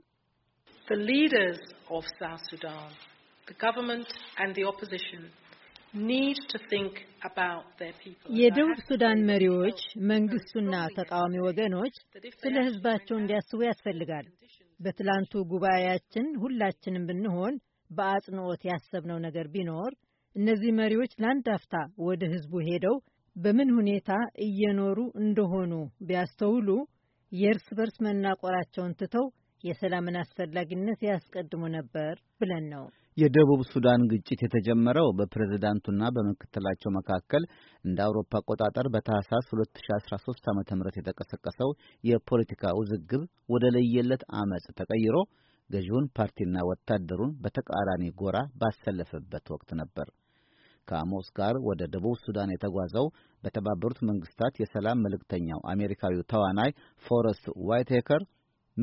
Speaker 5: የደቡብ ሱዳን መሪዎች፣ መንግስቱና ተቃዋሚ ወገኖች ስለ ህዝባቸው እንዲያስቡ ያስፈልጋል። በትላንቱ ጉባኤያችን ሁላችንም ብንሆን በአጽንኦት ያሰብነው ነገር ቢኖር እነዚህ መሪዎች ለአንድ አፍታ ወደ ህዝቡ ሄደው በምን ሁኔታ እየኖሩ እንደሆኑ ቢያስተውሉ የእርስ በርስ መናቆራቸውን ትተው የሰላምን አስፈላጊነት ያስቀድሙ ነበር ብለን ነው።
Speaker 10: የደቡብ ሱዳን ግጭት የተጀመረው በፕሬዝዳንቱና በምክትላቸው መካከል እንደ አውሮፓ አቆጣጠር በታህሳስ 2013 ዓ ም የተቀሰቀሰው የፖለቲካ ውዝግብ ወደ ለየለት አመፅ ተቀይሮ ገዢውን ፓርቲና ወታደሩን በተቃራኒ ጎራ ባሰለፈበት ወቅት ነበር። ከአሞስ ጋር ወደ ደቡብ ሱዳን የተጓዘው በተባበሩት መንግስታት የሰላም መልእክተኛው አሜሪካዊው ተዋናይ ፎረስት ዋይትሄከር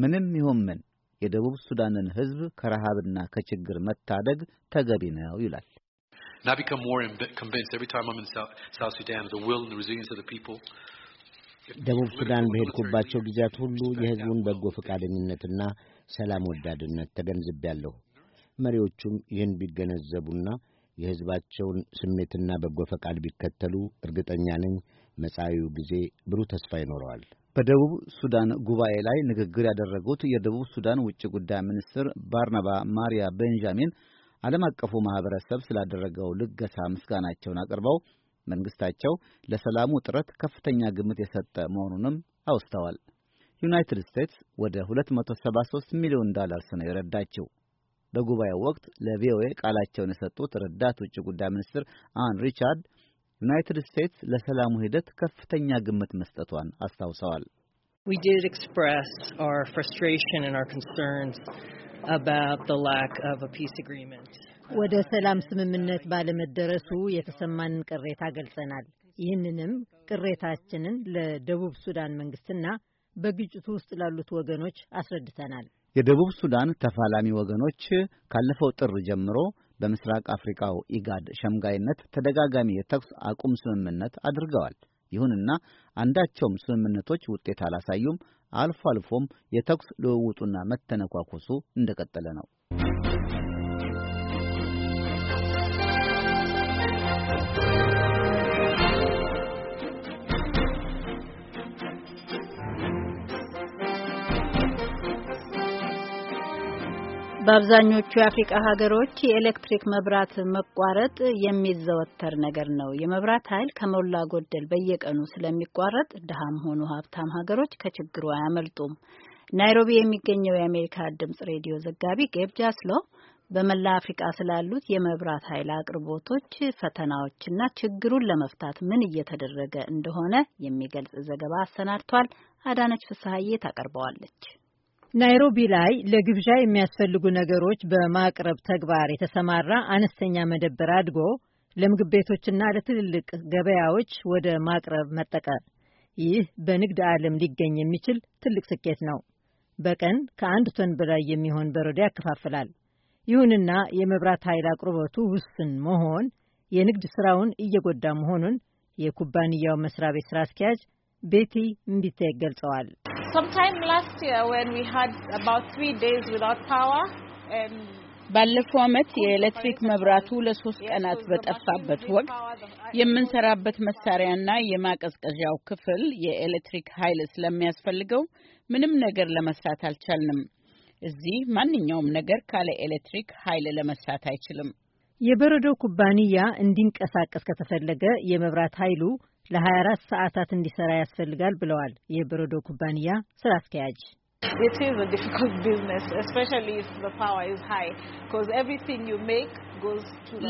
Speaker 10: ምንም ይሁን ምን የደቡብ ሱዳንን ሕዝብ ከረሃብና ከችግር መታደግ ተገቢ ነው ይላል።
Speaker 4: ደቡብ ሱዳን በሄድኩባቸው ጊዜያት ሁሉ የሕዝቡን በጎ ፈቃደኝነትና ሰላም ወዳድነት ተገንዝቤያለሁ። መሪዎቹም ይህን ቢገነዘቡና የሕዝባቸውን ስሜትና በጎ ፈቃድ ቢከተሉ እርግጠኛ ነኝ መጻኢው ጊዜ
Speaker 10: ብሩህ ተስፋ ይኖረዋል። በደቡብ ሱዳን ጉባኤ ላይ ንግግር ያደረጉት የደቡብ ሱዳን ውጭ ጉዳይ ሚኒስትር ባርናባ ማሪያ ቤንጃሚን ዓለም አቀፉ ማኅበረሰብ ስላደረገው ልገሳ ምስጋናቸውን አቅርበው መንግሥታቸው ለሰላሙ ጥረት ከፍተኛ ግምት የሰጠ መሆኑንም አውስተዋል። ዩናይትድ ስቴትስ ወደ 273 ሚሊዮን ዶላርስ ነው የረዳችው። በጉባኤው ወቅት ለቪኦኤ ቃላቸውን የሰጡት ረዳት ውጭ ጉዳይ ሚኒስትር አን ሪቻርድ ዩናይትድ ስቴትስ ለሰላሙ ሂደት ከፍተኛ ግምት መስጠቷን አስታውሰዋል።
Speaker 5: ወደ ሰላም ስምምነት ባለመደረሱ የተሰማንን ቅሬታ ገልጸናል። ይህንንም ቅሬታችንን ለደቡብ ሱዳን መንግስትና በግጭቱ ውስጥ ላሉት ወገኖች አስረድተናል።
Speaker 10: የደቡብ ሱዳን ተፋላሚ ወገኖች ካለፈው ጥር ጀምሮ በምስራቅ አፍሪካው ኢጋድ ሸምጋይነት ተደጋጋሚ የተኩስ አቁም ስምምነት አድርገዋል። ይሁንና አንዳቸውም ስምምነቶች ውጤት አላሳዩም። አልፎ አልፎም የተኩስ ልውውጡና መተነኳኮሱ እንደቀጠለ ነው።
Speaker 2: በአብዛኞቹ የአፍሪቃ ሀገሮች የኤሌክትሪክ መብራት መቋረጥ የሚዘወተር ነገር ነው። የመብራት ኃይል ከሞላ ጎደል በየቀኑ ስለሚቋረጥ ድሃም ሆኑ ሀብታም ሀገሮች ከችግሩ አያመልጡም። ናይሮቢ የሚገኘው የአሜሪካ ድምጽ ሬዲዮ ዘጋቢ ጌብ ጃስሎ በመላ አፍሪቃ ስላሉት የመብራት ኃይል አቅርቦቶች ፈተናዎችና ችግሩን ለመፍታት ምን እየተደረገ እንደሆነ የሚገልጽ ዘገባ አሰናድቷል። አዳነች ፍስሀዬ ታቀርበዋለች። ናይሮቢ
Speaker 5: ላይ ለግብዣ የሚያስፈልጉ ነገሮች በማቅረብ ተግባር የተሰማራ አነስተኛ መደብር አድጎ ለምግብ ቤቶችና ለትልልቅ ገበያዎች ወደ ማቅረብ መጠቀ። ይህ በንግድ ዓለም ሊገኝ የሚችል ትልቅ ስኬት ነው። በቀን ከአንድ ቶን በላይ የሚሆን በረዶ ያከፋፍላል። ይሁንና የመብራት ኃይል አቅርቦቱ ውስን መሆን የንግድ ስራውን እየጎዳ መሆኑን የኩባንያው መስሪያ ቤት ስራ አስኪያጅ
Speaker 3: ቤቲ እምቢቴ ገልጸዋል። um, ባለፈው ዓመት የኤሌክትሪክ መብራቱ ለሶስት ቀናት በጠፋበት ወቅት የምንሰራበት መሳሪያና የማቀዝቀዣው ክፍል የኤሌክትሪክ ኃይል ስለሚያስፈልገው ምንም ነገር ለመስራት አልቻልንም። እዚህ ማንኛውም ነገር ካለ ኤሌክትሪክ ኃይል ለመስራት አይችልም።
Speaker 5: የበረዶ ኩባንያ እንዲንቀሳቀስ ከተፈለገ የመብራት ኃይሉ ለ24 ሰዓታት እንዲሰራ ያስፈልጋል ብለዋል የበረዶ ኩባንያ ስራ አስኪያጅ።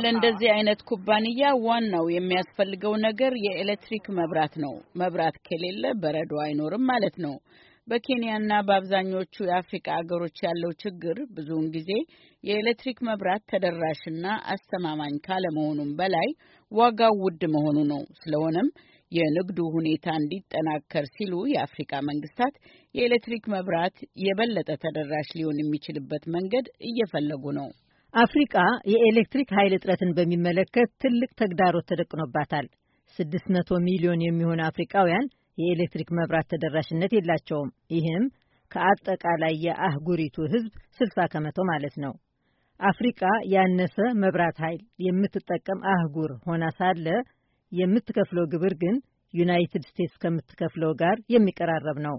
Speaker 11: ለእንደዚህ
Speaker 3: አይነት ኩባንያ ዋናው የሚያስፈልገው ነገር የኤሌክትሪክ መብራት ነው። መብራት ከሌለ በረዶ አይኖርም ማለት ነው። በኬንያና በአብዛኞቹ የአፍሪቃ አገሮች ያለው ችግር ብዙውን ጊዜ የኤሌክትሪክ መብራት ተደራሽና አስተማማኝ ካለመሆኑም በላይ ዋጋው ውድ መሆኑ ነው። ስለሆነም የንግዱ ሁኔታ እንዲጠናከር ሲሉ የአፍሪካ መንግስታት የኤሌክትሪክ መብራት የበለጠ ተደራሽ ሊሆን የሚችልበት መንገድ እየፈለጉ ነው።
Speaker 5: አፍሪቃ የኤሌክትሪክ ኃይል እጥረትን በሚመለከት ትልቅ ተግዳሮት ተደቅኖባታል። መቶ ሚሊዮን የሚሆኑ አፍሪቃውያን የኤሌክትሪክ መብራት ተደራሽነት የላቸውም። ይህም ከአጠቃላይ የአህጉሪቱ ህዝብ 60 ከመቶ ማለት ነው። አፍሪቃ ያነሰ መብራት ኃይል የምትጠቀም አህጉር ሆና ሳለ የምትከፍለው ግብር ግን ዩናይትድ ስቴትስ ከምትከፍለው ጋር የሚቀራረብ ነው።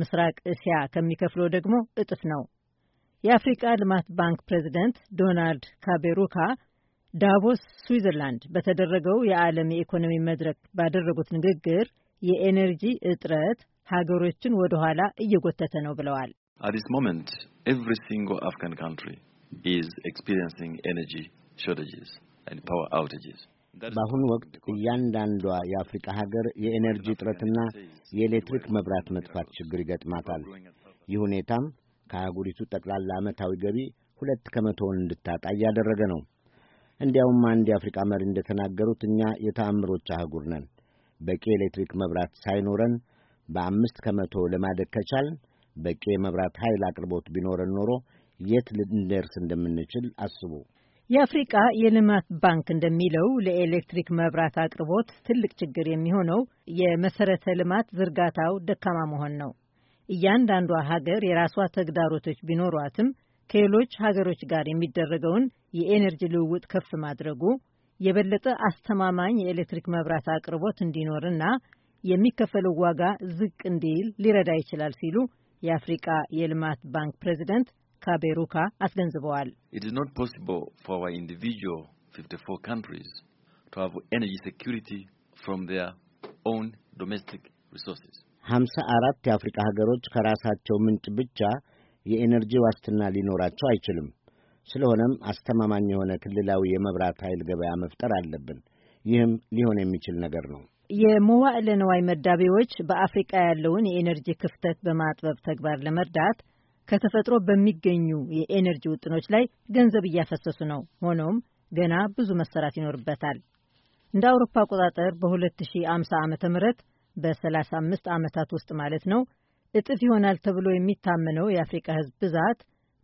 Speaker 5: ምስራቅ እስያ ከሚከፍለው ደግሞ እጥፍ ነው። የአፍሪቃ ልማት ባንክ ፕሬዚደንት ዶናልድ ካቤሩካ ዳቮስ ስዊዘርላንድ በተደረገው የዓለም የኢኮኖሚ መድረክ ባደረጉት ንግግር የኤነርጂ እጥረት ሀገሮችን ወደ ኋላ እየጎተተ ነው ብለዋል።
Speaker 4: በአሁኑ ወቅት እያንዳንዷ የአፍሪካ ሀገር የኤነርጂ እጥረትና የኤሌክትሪክ መብራት መጥፋት ችግር ይገጥማታል። ይህ ሁኔታም ከአህጉሪቱ ጠቅላላ ዓመታዊ ገቢ ሁለት ከመቶውን እንድታጣ እያደረገ ነው። እንዲያውም አንድ የአፍሪካ መሪ እንደተናገሩት እኛ የተአምሮች አህጉር ነን። በቂ ኤሌክትሪክ መብራት ሳይኖረን በአምስት ከመቶ ለማደግ ከቻል በቂ የመብራት ኃይል አቅርቦት ቢኖረን ኖሮ የት ልንደርስ እንደምንችል አስቡ።
Speaker 5: የአፍሪቃ የልማት ባንክ እንደሚለው ለኤሌክትሪክ መብራት አቅርቦት ትልቅ ችግር የሚሆነው የመሰረተ ልማት ዝርጋታው ደካማ መሆን ነው። እያንዳንዷ ሀገር የራሷ ተግዳሮቶች ቢኖሯትም ከሌሎች ሀገሮች ጋር የሚደረገውን የኤነርጂ ልውውጥ ከፍ ማድረጉ የበለጠ አስተማማኝ የኤሌክትሪክ መብራት አቅርቦት እንዲኖርና የሚከፈለው ዋጋ ዝቅ እንዲል ሊረዳ ይችላል ሲሉ የአፍሪቃ የልማት ባንክ ፕሬዚደንት ካቤሩካ አስገንዝበዋል።
Speaker 4: ሀምሳ አራት የአፍሪቃ ሀገሮች ከራሳቸው ምንጭ ብቻ የኤነርጂ ዋስትና ሊኖራቸው አይችልም። ስለሆነም አስተማማኝ የሆነ ክልላዊ የመብራት ኃይል ገበያ መፍጠር አለብን። ይህም ሊሆን የሚችል ነገር ነው።
Speaker 5: የመዋዕለ ነዋይ መዳቢዎች በአፍሪቃ ያለውን የኤነርጂ ክፍተት በማጥበብ ተግባር ለመርዳት ከተፈጥሮ በሚገኙ የኤነርጂ ውጥኖች ላይ ገንዘብ እያፈሰሱ ነው። ሆኖም ገና ብዙ መሰራት ይኖርበታል። እንደ አውሮፓ አቆጣጠር በ2050 ዓ ም በ35 ዓመታት ውስጥ ማለት ነው እጥፍ ይሆናል ተብሎ የሚታመነው የአፍሪቃ ህዝብ ብዛት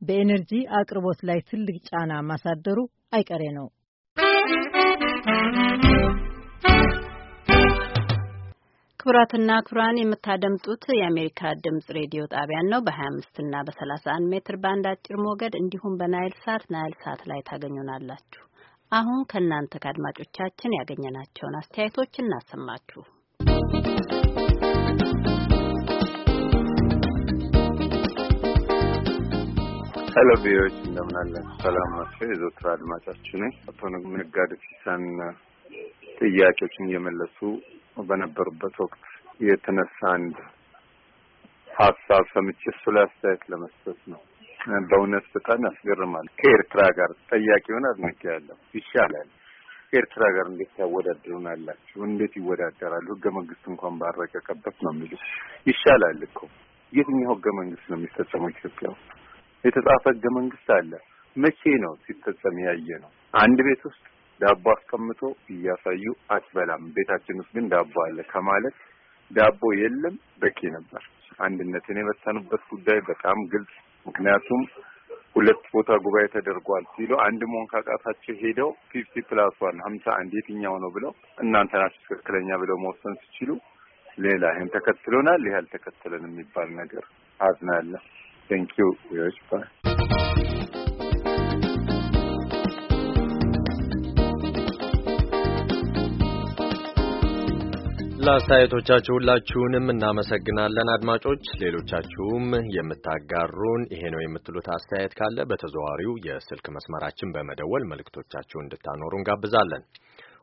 Speaker 5: በኤነርጂ አቅርቦት ላይ ትልቅ ጫና ማሳደሩ አይቀሬ ነው።
Speaker 2: ክቡራትና ክቡራን የምታደምጡት የአሜሪካ ድምጽ ሬዲዮ ጣቢያን ነው። በ25 እና በ31 ሜትር ባንድ አጭር ሞገድ እንዲሁም በናይል ሳት ናይል ሳት ላይ ታገኙናላችሁ። አሁን ከእናንተ ከአድማጮቻችን ያገኘናቸውን አስተያየቶች እናሰማችሁ።
Speaker 7: ሄሎ ቢሮዎች እንደምናለን። ሰላም ናቸው የዘወትር ነኝ። አቶ ነጋዱ ፊሳን ጥያቄዎችን እየመለሱ በነበሩበት ወቅት የተነሳ አንድ ሀሳብ ሰምቼ እሱ ላይ አስተያየት ለመስጠት ነው። በእውነት በጣም ያስገርማል። ከኤርትራ ጋር ጠያቂውን አድንቄያለሁ። ይሻላል ከኤርትራ ጋር እንዴት ታወዳድሩናላችሁ? እንዴት ይወዳደራሉ? ህገ መንግስት እንኳን ባረቀቀበት ነው የሚሉት። ይሻላል እኮ የትኛው ህገ መንግስት ነው የሚፈጸመው ኢትዮጵያ ውስጥ? የተጻፈ ህገ መንግስት አለ። መቼ ነው ሲፈጸም ያየ ነው? አንድ ቤት ውስጥ ዳቦ አስቀምጦ እያሳዩ አትበላም፣ ቤታችን ውስጥ ግን ዳቦ አለ ከማለት ዳቦ የለም በቂ ነበር። አንድነትን የበተኑበት ጉዳይ በጣም ግልጽ፣ ምክንያቱም ሁለት ቦታ ጉባኤ ተደርጓል ሲሉ አንድ መሆን ካቃታቸው ሄደው ፊፍቲ ፕላስ ዋን ሀምሳ አንድ የትኛው ነው ብለው እናንተ ናችሁ ትክክለኛ ብለው መወሰን ሲችሉ ሌላ ይህን ተከትሎናል ይህ አልተከተለን የሚባል ነገር አዝናለሁ። Thank you, Dheeraj. Bye.
Speaker 1: ለአስተያየቶቻችሁ ሁላችሁንም እናመሰግናለን አድማጮች። ሌሎቻችሁም የምታጋሩን ይሄ ነው የምትሉት አስተያየት ካለ በተዘዋዋሪው የስልክ መስመራችን በመደወል መልእክቶቻችሁን እንድታኖሩ እንጋብዛለን።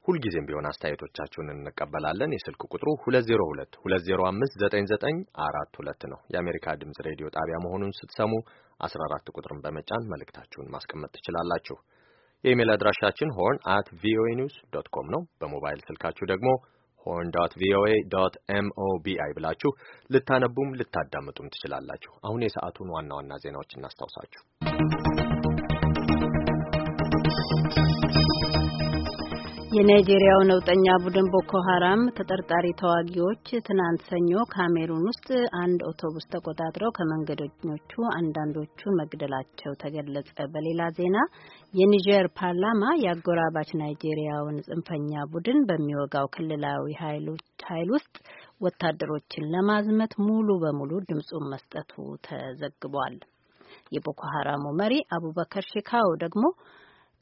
Speaker 1: ሁልጊዜም ቢሆን አስተያየቶቻችሁን እንቀበላለን። የስልክ ቁጥሩ 202 ነው። የአሜሪካ ድምፅ ሬዲዮ ጣቢያ መሆኑን ስትሰሙ 14 ቁጥርን በመጫን መልእክታችሁን ማስቀመጥ ትችላላችሁ። የኢሜል አድራሻችን ሆርን አት ቪኦኤ ኒውስ ዶት ኮም ነው። በሞባይል ስልካችሁ ደግሞ ሆርን ዶት ቪኦኤ ዶት ኤምኦቢአይ ብላችሁ ልታነቡም ልታዳምጡም ትችላላችሁ። አሁን የሰዓቱን ዋና ዋና ዜናዎች እናስታውሳችሁ።
Speaker 2: የናይጄሪያው ነውጠኛ ቡድን ቦኮ ሀራም ተጠርጣሪ ተዋጊዎች ትናንት ሰኞ ካሜሩን ውስጥ አንድ አውቶቡስ ተቆጣጥረው ከመንገደኞቹ አንዳንዶቹ መግደላቸው ተገለጸ። በሌላ ዜና የኒጀር ፓርላማ የአጎራባች ናይጄሪያውን ጽንፈኛ ቡድን በሚወጋው ክልላዊ ኃይል ውስጥ ወታደሮችን ለማዝመት ሙሉ በሙሉ ድምፁን መስጠቱ ተዘግቧል። የቦኮ ሀራሙ መሪ አቡበከር ሼካው ደግሞ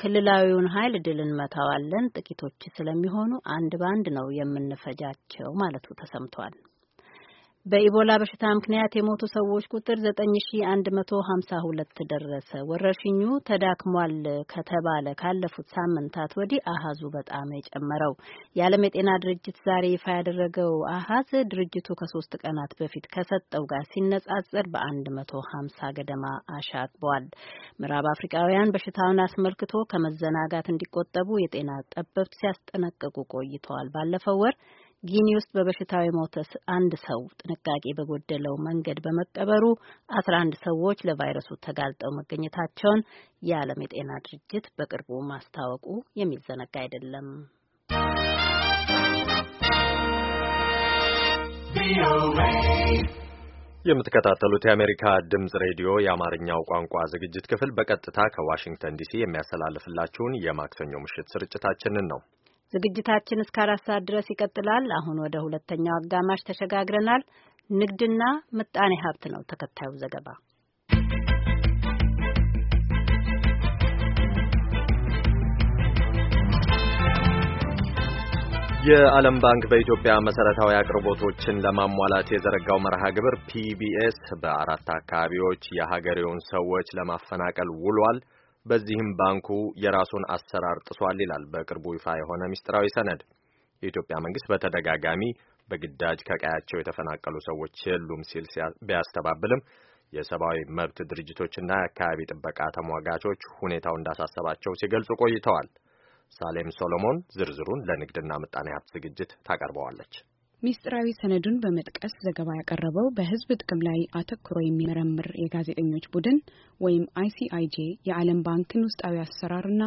Speaker 2: ክልላዊውን ኃይል ድል እንመታዋለን፣ ጥቂቶች ስለሚሆኑ አንድ በአንድ ነው የምንፈጃቸው ማለቱ ተሰምቷል። በኢቦላ በሽታ ምክንያት የሞቱ ሰዎች ቁጥር 9152 ደረሰ። ወረርሽኙ ተዳክሟል ከተባለ ካለፉት ሳምንታት ወዲህ አሃዙ በጣም የጨመረው የዓለም የጤና ድርጅት ዛሬ ይፋ ያደረገው አሃዝ ድርጅቱ ከሶስት ቀናት በፊት ከሰጠው ጋር ሲነጻጸር በ150 ገደማ አሻቅቧል። ምዕራብ አፍሪካውያን በሽታውን አስመልክቶ ከመዘናጋት እንዲቆጠቡ የጤና ጠበብት ሲያስጠነቅቁ ቆይተዋል። ባለፈው ወር ጊኒ ውስጥ በበሽታው የሞተ አንድ ሰው ጥንቃቄ በጎደለው መንገድ በመቀበሩ አስራ አንድ ሰዎች ለቫይረሱ ተጋልጠው መገኘታቸውን የዓለም የጤና ድርጅት በቅርቡ ማስታወቁ የሚዘነጋ አይደለም።
Speaker 1: የምትከታተሉት የአሜሪካ ድምጽ ሬዲዮ የአማርኛው ቋንቋ ዝግጅት ክፍል በቀጥታ ከዋሽንግተን ዲሲ የሚያስተላልፍላችሁን የማክሰኞ ምሽት ስርጭታችንን ነው።
Speaker 2: ዝግጅታችን እስከ አራት ሰዓት ድረስ ይቀጥላል። አሁን ወደ ሁለተኛው አጋማሽ ተሸጋግረናል። ንግድና ምጣኔ ሀብት ነው ተከታዩ ዘገባ።
Speaker 1: የዓለም ባንክ በኢትዮጵያ መሰረታዊ አቅርቦቶችን ለማሟላት የዘረጋው መርሃ ግብር ፒቢኤስ በአራት አካባቢዎች የሀገሬውን ሰዎች ለማፈናቀል ውሏል። በዚህም ባንኩ የራሱን አሰራር ጥሷል ይላል በቅርቡ ይፋ የሆነ ሚስጥራዊ ሰነድ። የኢትዮጵያ መንግስት በተደጋጋሚ በግዳጅ ከቀያቸው የተፈናቀሉ ሰዎች የሉም ሲል ቢያስተባብልም የሰብአዊ መብት ድርጅቶችና የአካባቢ ጥበቃ ተሟጋቾች ሁኔታው እንዳሳሰባቸው ሲገልጹ ቆይተዋል። ሳሌም ሶሎሞን ዝርዝሩን ለንግድና ምጣኔ ሀብት ዝግጅት ታቀርበዋለች።
Speaker 12: ሚስጥራዊ ሰነዱን በመጥቀስ ዘገባ ያቀረበው በሕዝብ ጥቅም ላይ አተኩሮ የሚመረምር የጋዜጠኞች ቡድን ወይም አይሲአይጄ የዓለም ባንክን ውስጣዊ አሰራርና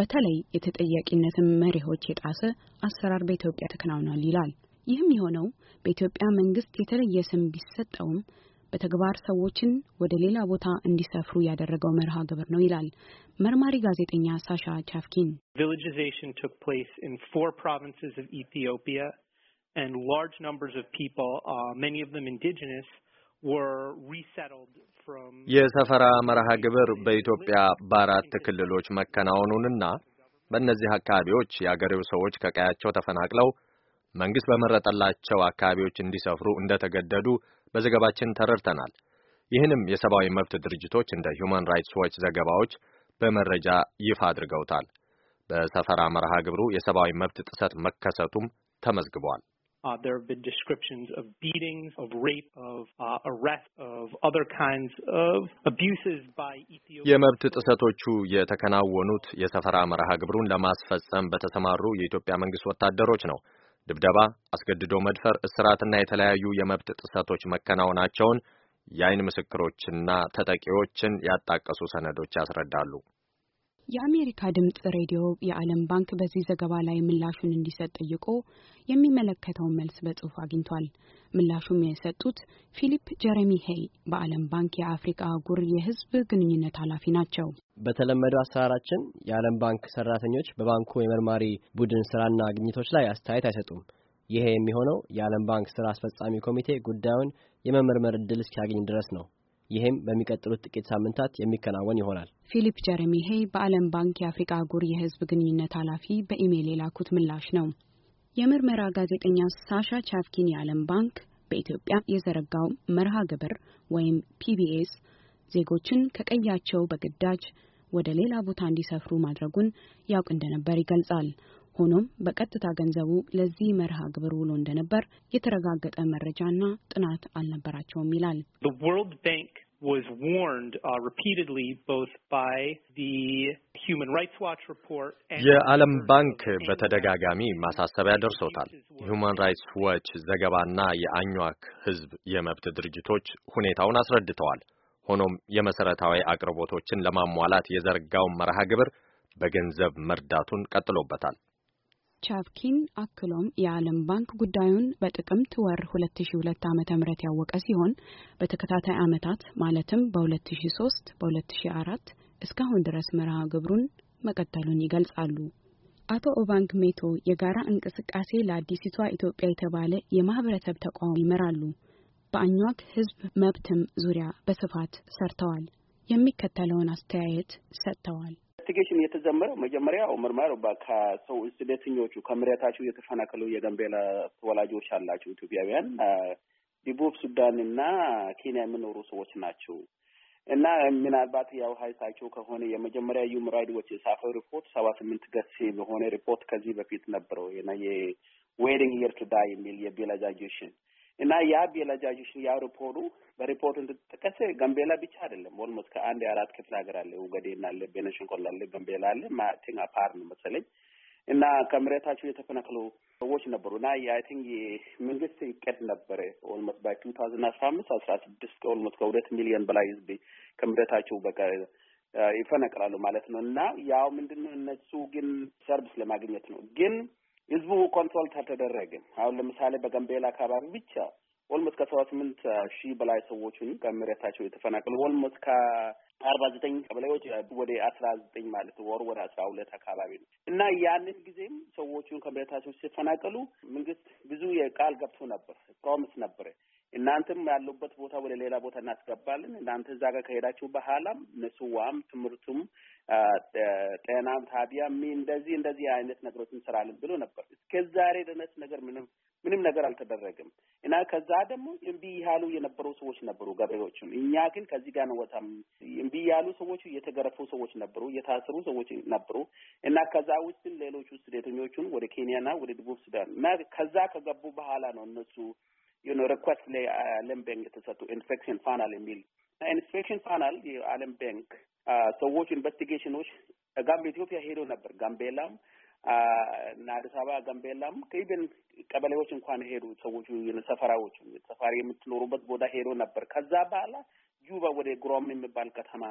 Speaker 12: በተለይ የተጠያቂነትን መሪሆች የጣሰ አሰራር በኢትዮጵያ ተከናውኗል ይላል። ይህም የሆነው በኢትዮጵያ መንግስት የተለየ ስም ቢሰጠውም በተግባር ሰዎችን ወደ ሌላ ቦታ እንዲሰፍሩ ያደረገው መርሃ ግብር ነው ይላል መርማሪ ጋዜጠኛ ሳሻ ቻፍኪን።
Speaker 13: and large numbers of people, uh, many of them indigenous, were resettled from
Speaker 1: የሰፈራ መርሃ ግብር በኢትዮጵያ በአራት ክልሎች መከናወኑንና በእነዚህ አካባቢዎች የአገሬው ሰዎች ከቀያቸው ተፈናቅለው መንግስት በመረጠላቸው አካባቢዎች እንዲሰፍሩ እንደተገደዱ በዘገባችን ተረድተናል። ይህንም የሰብአዊ መብት ድርጅቶች እንደ ሁማን ራይትስ ዋች ዘገባዎች በመረጃ ይፋ አድርገውታል። በሰፈራ መርሃ ግብሩ የሰብአዊ መብት ጥሰት መከሰቱም ተመዝግቧል።
Speaker 13: Uh, there have been descriptions of beatings, of rape, of uh, arrest, of
Speaker 1: other kinds of abuses by Ethiopia. የመብት ጥሰቶቹ የተከናወኑት የሰፈራ መርሃ ግብሩን ለማስፈጸም በተሰማሩ የኢትዮጵያ መንግስት ወታደሮች ነው። ድብደባ፣ አስገድዶ መድፈር፣ እስራትና የተለያዩ የመብት ጥሰቶች መከናወናቸውን የአይን ምስክሮችና ተጠቂዎችን ያጣቀሱ ሰነዶች ያስረዳሉ።
Speaker 12: የአሜሪካ ድምጽ ሬዲዮ የዓለም ባንክ በዚህ ዘገባ ላይ ምላሹን እንዲሰጥ ጠይቆ የሚመለከተውን መልስ በጽሑፍ አግኝቷል። ምላሹም የሰጡት ፊሊፕ ጀረሚ ሄይ በዓለም ባንክ የአፍሪካ አህጉር የህዝብ ግንኙነት ኃላፊ ናቸው።
Speaker 10: በተለመደው አሰራራችን የዓለም ባንክ ሰራተኞች በባንኩ የመርማሪ ቡድን ስራና ግኝቶች ላይ አስተያየት አይሰጡም። ይሄ የሚሆነው የዓለም ባንክ ስራ አስፈጻሚ ኮሚቴ ጉዳዩን የመመርመር እድል እስኪያገኝ ድረስ ነው። ይህም በሚቀጥሉት ጥቂት ሳምንታት የሚከናወን ይሆናል።
Speaker 12: ፊሊፕ ጀረሚ ሄይ በዓለም ባንክ የአፍሪካ አህጉር የህዝብ ግንኙነት ኃላፊ በኢሜይል የላኩት ምላሽ ነው። የምርመራ ጋዜጠኛ ሳሻ ቻፍኪን የዓለም ባንክ በኢትዮጵያ የዘረጋው መርሃ ግብር ወይም ፒቢኤስ ዜጎችን ከቀያቸው በግዳጅ ወደ ሌላ ቦታ እንዲሰፍሩ ማድረጉን ያውቅ እንደነበር ይገልጻል። ሆኖም በቀጥታ ገንዘቡ ለዚህ መርሃ ግብር ውሎ እንደነበር የተረጋገጠ መረጃና ጥናት አልነበራቸውም ይላል።
Speaker 1: የዓለም ባንክ በተደጋጋሚ ማሳሰቢያ ደርሶታል። ሁማን ራይትስ ዋች ዘገባና የአኟክ ሕዝብ የመብት ድርጅቶች ሁኔታውን አስረድተዋል። ሆኖም የመሰረታዊ አቅርቦቶችን ለማሟላት የዘርጋውን መርሃ ግብር በገንዘብ መርዳቱን ቀጥሎበታል።
Speaker 12: ቻፕኪን አክሎም የዓለም ባንክ ጉዳዩን በጥቅምት ወር 2002 ም ያወቀ ሲሆን በተከታታይ ዓመታት ማለትም በ2003 በ2004 እስካሁን ድረስ መርሃ ግብሩን መቀጠሉን ይገልጻሉ። አቶ ኦባንግ ሜቶ የጋራ እንቅስቃሴ ለአዲሲቷ ኢትዮጵያ የተባለ የማህበረሰብ ተቋም ይመራሉ። በአኟክ ህዝብ መብትም ዙሪያ በስፋት ሰርተዋል። የሚከተለውን አስተያየት ሰጥተዋል።
Speaker 13: ኢንቨስቲጌሽን የተጀመረው መጀመሪያ ምርመራው ከሰው ስደተኞቹ ከመሬታቸው የተፈናቀሉ የገንቤላ ተወላጆች አላቸው ኢትዮጵያውያን ደቡብ ሱዳን እና ኬንያ የሚኖሩ ሰዎች ናቸው እና ምናልባት ያው ሀይሳቸው ከሆነ የመጀመሪያ ዩም ራይድዎች የጻፈው ሪፖርት ሰባ ስምንት ገጽ የሆነ ሪፖርት ከዚህ በፊት ነበረው ና የዌዲንግ የርትዳ የሚል የቤላጃጌሽን እና ያ ቢላጃጆሽን ያ ሪፖርቱ በሪፖርት እንድትጠቀስ ጋምቤላ ብቻ አይደለም። ኦልሞስት ከአንድ የአራት ክፍለ ሀገር አለ። ኡጋዴን አለ፣ ቤኒሻንጉል አለ፣ ጋምቤላ አለ፣ ማቲንግ አፓር ነው መሰለኝ እና ከመሬታቸው የተፈናቀሉ ሰዎች ነበሩ እና አይ ቲንክ መንግስት ይቀድ ነበረ ኦልሞስት ባይ ቱ ታውዝንድ አስራ አምስት አስራ ስድስት ኦልሞስት ከሁለት ሚሊዮን በላይ ህዝብ ከመሬታቸው በቃ ይፈነቅላሉ ማለት ነው እና ያው ምንድን ነው እነሱ ግን ሰርቪስ ለማግኘት ነው ግን ህዝቡ ኮንትሮል አልተደረገም። አሁን ለምሳሌ በጋምቤላ አካባቢ ብቻ ኦልሞስት ከሰባ ስምንት ሺህ በላይ ሰዎችን ከመሬታቸው የተፈናቀሉ ኦልሞስት ከአርባ ዘጠኝ ቀበሌዎች ወደ አስራ ዘጠኝ ማለት ወር ወደ አስራ ሁለት አካባቢ ነው እና ያንን ጊዜም ሰዎቹን ከመሬታቸው ሲፈናቀሉ መንግስት ብዙ የቃል ገብቶ ነበር፣ ፕሮሚስ ነበረ እናንተም ያሉበት ቦታ ወደ ሌላ ቦታ እናስገባለን። እናንተ እዛ ጋር ከሄዳችሁ በኋላም ዋም ትምህርቱም፣ ጤናም፣ ታዲያም እንደዚህ እንደዚህ አይነት ነገሮች እንሰራለን ብሎ ነበር። እስከ ዛሬ ድረስ ነገር ምንም ምንም ነገር አልተደረገም እና ከዛ ደግሞ እምቢ ያሉ የነበሩ ሰዎች ነበሩ ገበሬዎችም። እኛ ግን ከዚህ ጋር ነው ወጣም እምቢ ያሉ ሰዎች የተገረፉ ሰዎች ነበሩ፣ የታሰሩ ሰዎች ነበሩ እና ከዛ ውስጥም ሌሎቹ ስደተኞቹን ወደ ኬንያና ወደ ደቡብ ሱዳን እና ከዛ ከገቡ በኋላ ነው እነሱ ዩ ኖ ሪኳስት ለዓለም ባንክ የተሰጡ ኢንስፔክሽን ፓናል የሚል ኢንስፔክሽን ፓናል የዓለም ባንክ ሰዎች ኢንቨስቲጌሽኖች ጋምቤ ኢትዮጵያ ሄዶ ነበር። ጋምቤላም እና አዲስ አበባ ጋምቤላም ከኢቨን ቀበሌዎች እንኳን ሄዱ ሰዎቹ ሰፈራዎች ሰፋሪ የምትኖሩበት ቦታ ሄዶ ነበር። ከዛ በኋላ ጁባ ወደ ግሮም የሚባል ከተማ